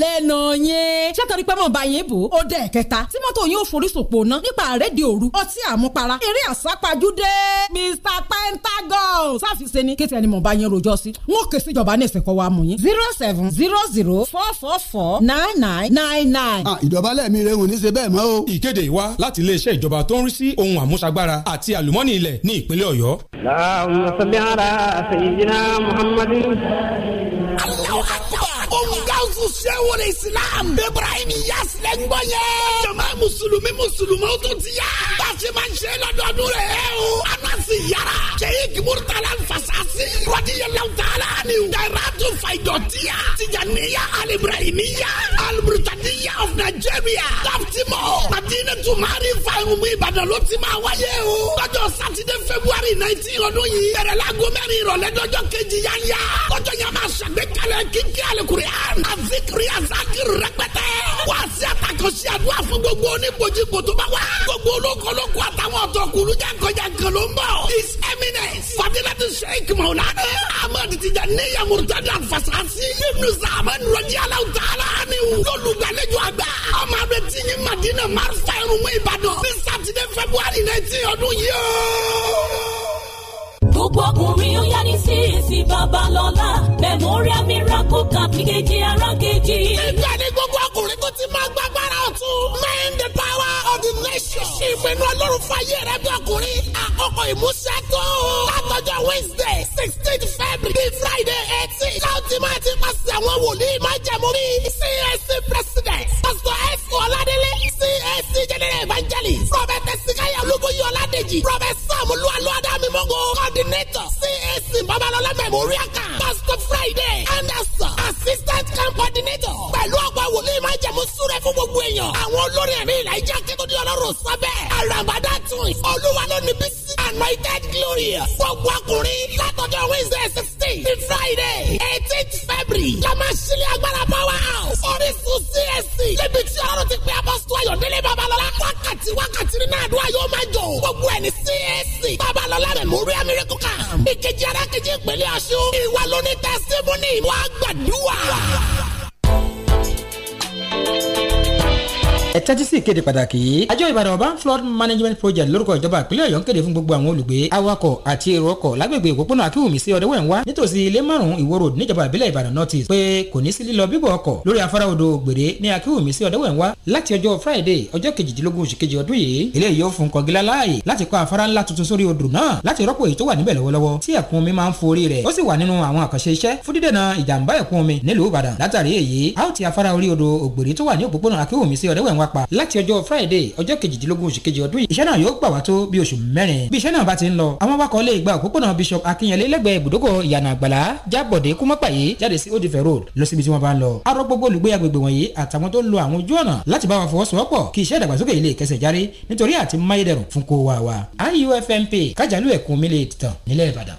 lẹ́nu yẹn ṣètọ́rí pé mọ̀ bá yẹn bò ó dẹ̀ kẹta tí mọ́tò yóò forísòpò ná nípa àrédè òru ọtí àmupara eré àsápajúdé Mr Pentagon sáfìsẹ́ ni kéte ẹni mọ̀ bá yẹn rojọ́ sí wọn kè sí ìjọba ní ìsìnkọ́ wa mú yín zero seven zero zero four four four nine nine nine nine. ìjọba lẹ́ẹ̀mí rẹ̀ wò ní ṣe bẹ́ẹ̀ mọ́ o. ìkéde wa láti iléeṣẹ́ ìjọba tó ń rí sí ohun àmúṣagbára àti àlùmọ́nì ilẹ̀ ní ìpínlẹ̀ Ọ̀yọ́. láàmú sọ́bí sẹ́wọ̀n islam ibrahim ya ń gbọ́ yẹn. jama mùsùlùmí mùsùlùmí ó tún ti yá. bá a ṣe máa ń ṣe lọ́dọọdún o. a máa si yàrá. sheik murtala fasasi. radiyallahu ta'ala ni dairatu faidọtiya. tijaniya alibrahimiya. alibrutadiya of nigeria. daptimo. madina tumari fayimu ibadan ló ti máa wáyé o. lọ́jọ́ sátidé february nineteen ọdún yìí. bẹ̀rẹ̀ la gomẹ́rin ìrọ̀lẹ́ dọ́jọ́ kejì yanya. lọ́jọ́ yẹn máa ṣàgbékalẹ̀ kíkí alikurian. azikiri azakiri rẹpẹtẹ. wàásù àtàkọ́sí àdúrà fún gbogbo oníbojì kòtò bá wá. gbogbo olókolóko àtàwọn ọ̀tọ̀kùlù jàǹkànjàǹkàn ló bọ̀. Lord, His Eminence, Fadilatul Sheikh Maulana Ahmad Tijaniya Murtada Fasasi, Ibnu Zaman Radiyallahu Ta'ala Anihu, lọ́lùgbàlejò àgbà. Ọmọ abẹ ti ní Madina Marfa Irunmu Ìbàdàn ní Sátidé Fẹ́búwárì nineteen ọdún yìí o gbogbo ọkùnrin ó yá ní sísì babalọ́lá memorial miracle camp kejì ara kejì. ìgbà ni gbogbo ọkùnrin kò ti máa gbàgbára ọ̀tún main the power of the nation. ṣe ìpinnu ọlọ́run fàyè rẹ bí ọkùnrin àkọ́kọ́ ìmúṣẹ tó. látọjọ́ wednesday sixteen february friday eighteen. láti máa ti pàṣẹ àwọn wòlíì máa jẹ̀mú bí. csc president pastor s ọládélé CAC general evangelist prophet sikaya olúbóyè ọládèjì prophet sam olúwalú adámímọ́gò coordinator csc babalọlá memorial camp pastor friday anderson assistant camp coordinator pẹ̀lú ọgbà wòlíì máa jẹ̀mú súrẹ́ fún gbogbo èèyàn. àwọn olórin ẹ̀mí ìlà ìjà kẹ́kọ̀ọ́ lórí ọlọ́run sábẹ́. àràbàdà tún olúwa ló ní bí sí. anointed glory gbogbo ọkùnrin látọjọ́ wednesday sixteen ní friday eighteenth february la máa ṣílẹ̀ agbára power house orísun csc níbi tí ọlọ́run ti pe apọ́sítù ayọ̀délé babalọ́lá wákàtí wákàtí nínú àdúrà yóò máa jò gbogbo ẹni csc babalọ́lá memorial miracle camp ìkejì arákejì ìpínlẹ̀ ọ̀ṣun ìwà lóní testimony wàá gbàdúrà. ẹ tẹ́tí sí ìkéde pàtàkì yìí àjọ ìbàdàn urban flood management project lórúkọ ìjọba ìpínlẹ̀ ọ̀yọ́ ń kéde fún gbogbo àwọn olùgbé awakọ̀ àti èrò ọkọ̀ lágbègbè òpópónà akíwùmí sí ọdẹ wẹ̀ǹwá nítòsí ilé márùn-ún ìwó road níjọba ìbílẹ̀ ìbàdàn northeast pé kò ní sí lílọ bíbọ̀ ọkọ̀ lórí afárá odò gbèrè ní akíwùmí sí ọdẹ wẹ̀ǹwá láti ọjọ́ friday ọjọ́ kejìdínlógún oṣù kejì ọdún yìí eléyìí yóò fún kọngilá láàyè láti kọ́ afárá ńlá tuntun sórí odò náà láti rọ́pò èyí tó wà níbẹ̀ lọ́wọ́lọ́wọ́ tí ẹ̀kún omi máa ń forí rẹ̀ ó sì wà nínú àwọn àkànṣe iṣẹ́ fún dídènà ìjàmbá ẹ̀kún omi nílùú ìbàdàn látàrí èyí lápapà láti ọjọ́ friday ọjọ́ kejìdínlógún oṣù kejì ọdún yìí iṣẹ́ náà yóò gbà wá tó bí oṣù mẹ́rin bí iṣẹ́ náà bá ti ń lọ àwọn awakọ̀ lè gba òpópónà bishop akínyẹlé lẹ́gbẹ̀ẹ́ ibùdókọ̀ ìyànà àgbàlá jábọ̀dé kúmọ́pàyé jáde sí odifẹ̀ road lọ síbi tí wọ́n bá ń lọ. arọ gbogbo olùgbé agbègbè wọ̀nyí àtàwọn tó ń lo àwọn ojú ọ̀nà láti bá wa fọwọ́sowọ́pọ̀ kí iṣẹ́ ìdàgbàsókè ilé kẹsẹ̀ járí nítorí àti máyédẹrùn fún kó wa wa. iufmp kájàlú ẹ̀kún mi lè tàn nílẹ̀ ìbàdàn.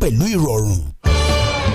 pẹ̀lú ìrọ̀rùn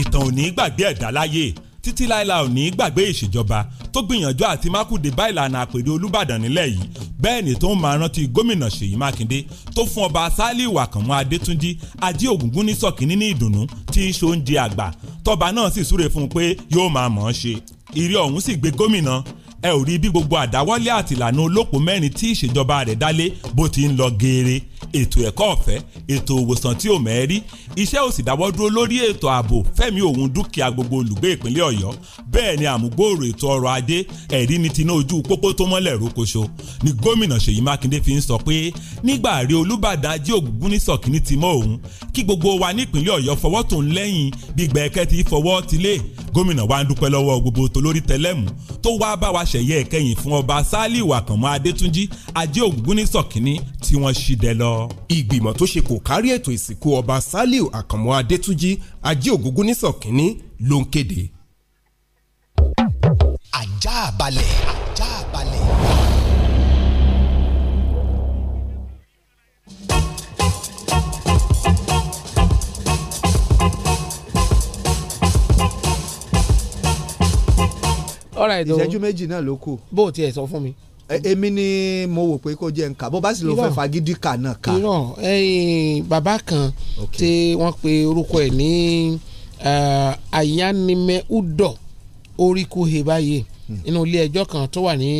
ìtàn ò ní gbàgbé ẹ̀dá láyé títí láìla ò ní gbàgbé ìṣèjọba tó gbìyànjú àti mákùdé bá ìlànà àpèrè olùbàdàn nílẹ̀ yìí bẹ́ẹ̀ ni tó ń máa rántí gómìnà ṣèyí mákindé tó fún ọba sálíù àkànmọ́ adétúnjì ajé ògúngún ní sọ̀kínní ní ìdùnnú tí í ṣe oúnjẹ àgbà tọba náà sì súre fún un pé yóò máa mọ̀ ọ́n ṣe ìrí ọ̀hún sì gbé gómìnà ẹ ò rí bí gbogbo àdáwọ́lé àtìlànà olóko mẹ́rin tí ìṣèjọba rẹ̀ dálé bó ti ń lọ geere ètò ẹ̀kọ́ ọ̀fẹ́ ètò òwòsàn tí ò mẹ́rí iṣẹ́ ò sì dáwọ́ dúró lórí ètò ààbò fẹ́mi òun dúkìá gbogbo olùgbé ìpínlẹ̀ ọ̀yọ́ bẹ́ẹ̀ ni àmúgbòòrò ètò ọrọ̀ ajé ẹ̀rí ni tinú ojú pópó tó mọ́lẹ̀ rókoṣo ni gómìnà ṣèyí mákindé fi ń sọ pé nígbà rí olúbàdàn ajé ògúngún ní sọ̀kíní ti mọ́ òun kí gbogbo wa nípínlẹ̀ ọ̀yọ́ fọwọ́ tó ń lẹ́yìn bí gbẹ̀kẹ́ ti fọwọ́ ti lé gómìnà wa ń dúpẹ́ lọ́wọ́ gbogbo tolórí tẹlẹ́mù tó wá bá wa ṣẹ̀yẹ ìkẹyìn fún ọba sálíù adétúnjì ajé ògúngún ní sọ̀kíní tí wọ́n ṣì dẹ lọ lọ. ìgbìmọ̀ tó ṣe kò kárí ètò ìsìnkú ọba Sàlíù Àkànmú Adétúnjì ajé ògúngún nísọ̀kínní ló ń kéde. ajá balẹ̀. ìṣẹ́jú méjì náà ló kù. bó o tiẹ̀ sọ fún mi èmi ni mo wò pé kó jẹ́ nǹkan bó bá sì lọ fẹ́ fagídí kà náà kà. irọ́ bàbá kan tí wọ́n pe orúkọ ẹ̀ ní ayanimẹ udọ oríkùhè báyìí nínú hmm. ilé ẹjọ́ kan tó wà ní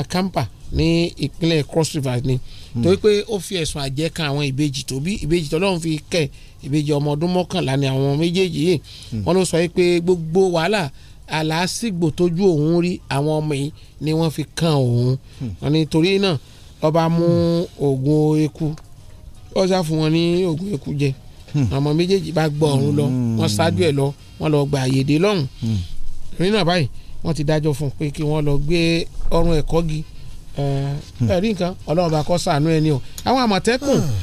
akampa ní ìpínlẹ̀ cross river ni hmm. torí pé ó fi ẹ̀sùn àjẹ́ kan àwọn ìbejì tó bí ìbejì tó lọ́run fi kẹ́ ìbejì ọmọ ọdún mọ́kànlá ni àwọn méjèèjì yìí hmm. wọ́n ló sọ pé gbogbo wàhálà àlàásìgbò tójú òun rí àwọn ọmọ yìí ni wọ́n fi kan òun hmm. wọn nítorí náà lọ́ba mú oògùn eku ó sá fún wọn ní oògùn eku jẹ hmm. àmọ́ méjèèjì bá gbọ́ ọ̀run lọ hmm. wọ́n ṣáájú ẹ̀ lọ wọ́n lọ gba àyèdè lọ́hùn torí náà báyìí wọ́n ti dájọ́ fún un pé kí wọ́n lọ gbé ọrùn ẹ̀kọ́ ẹ̀rí nǹkan ọlọ́run bá kọ́ ṣàánú ẹni o àwọn àmọ̀tẹ́kùn ah.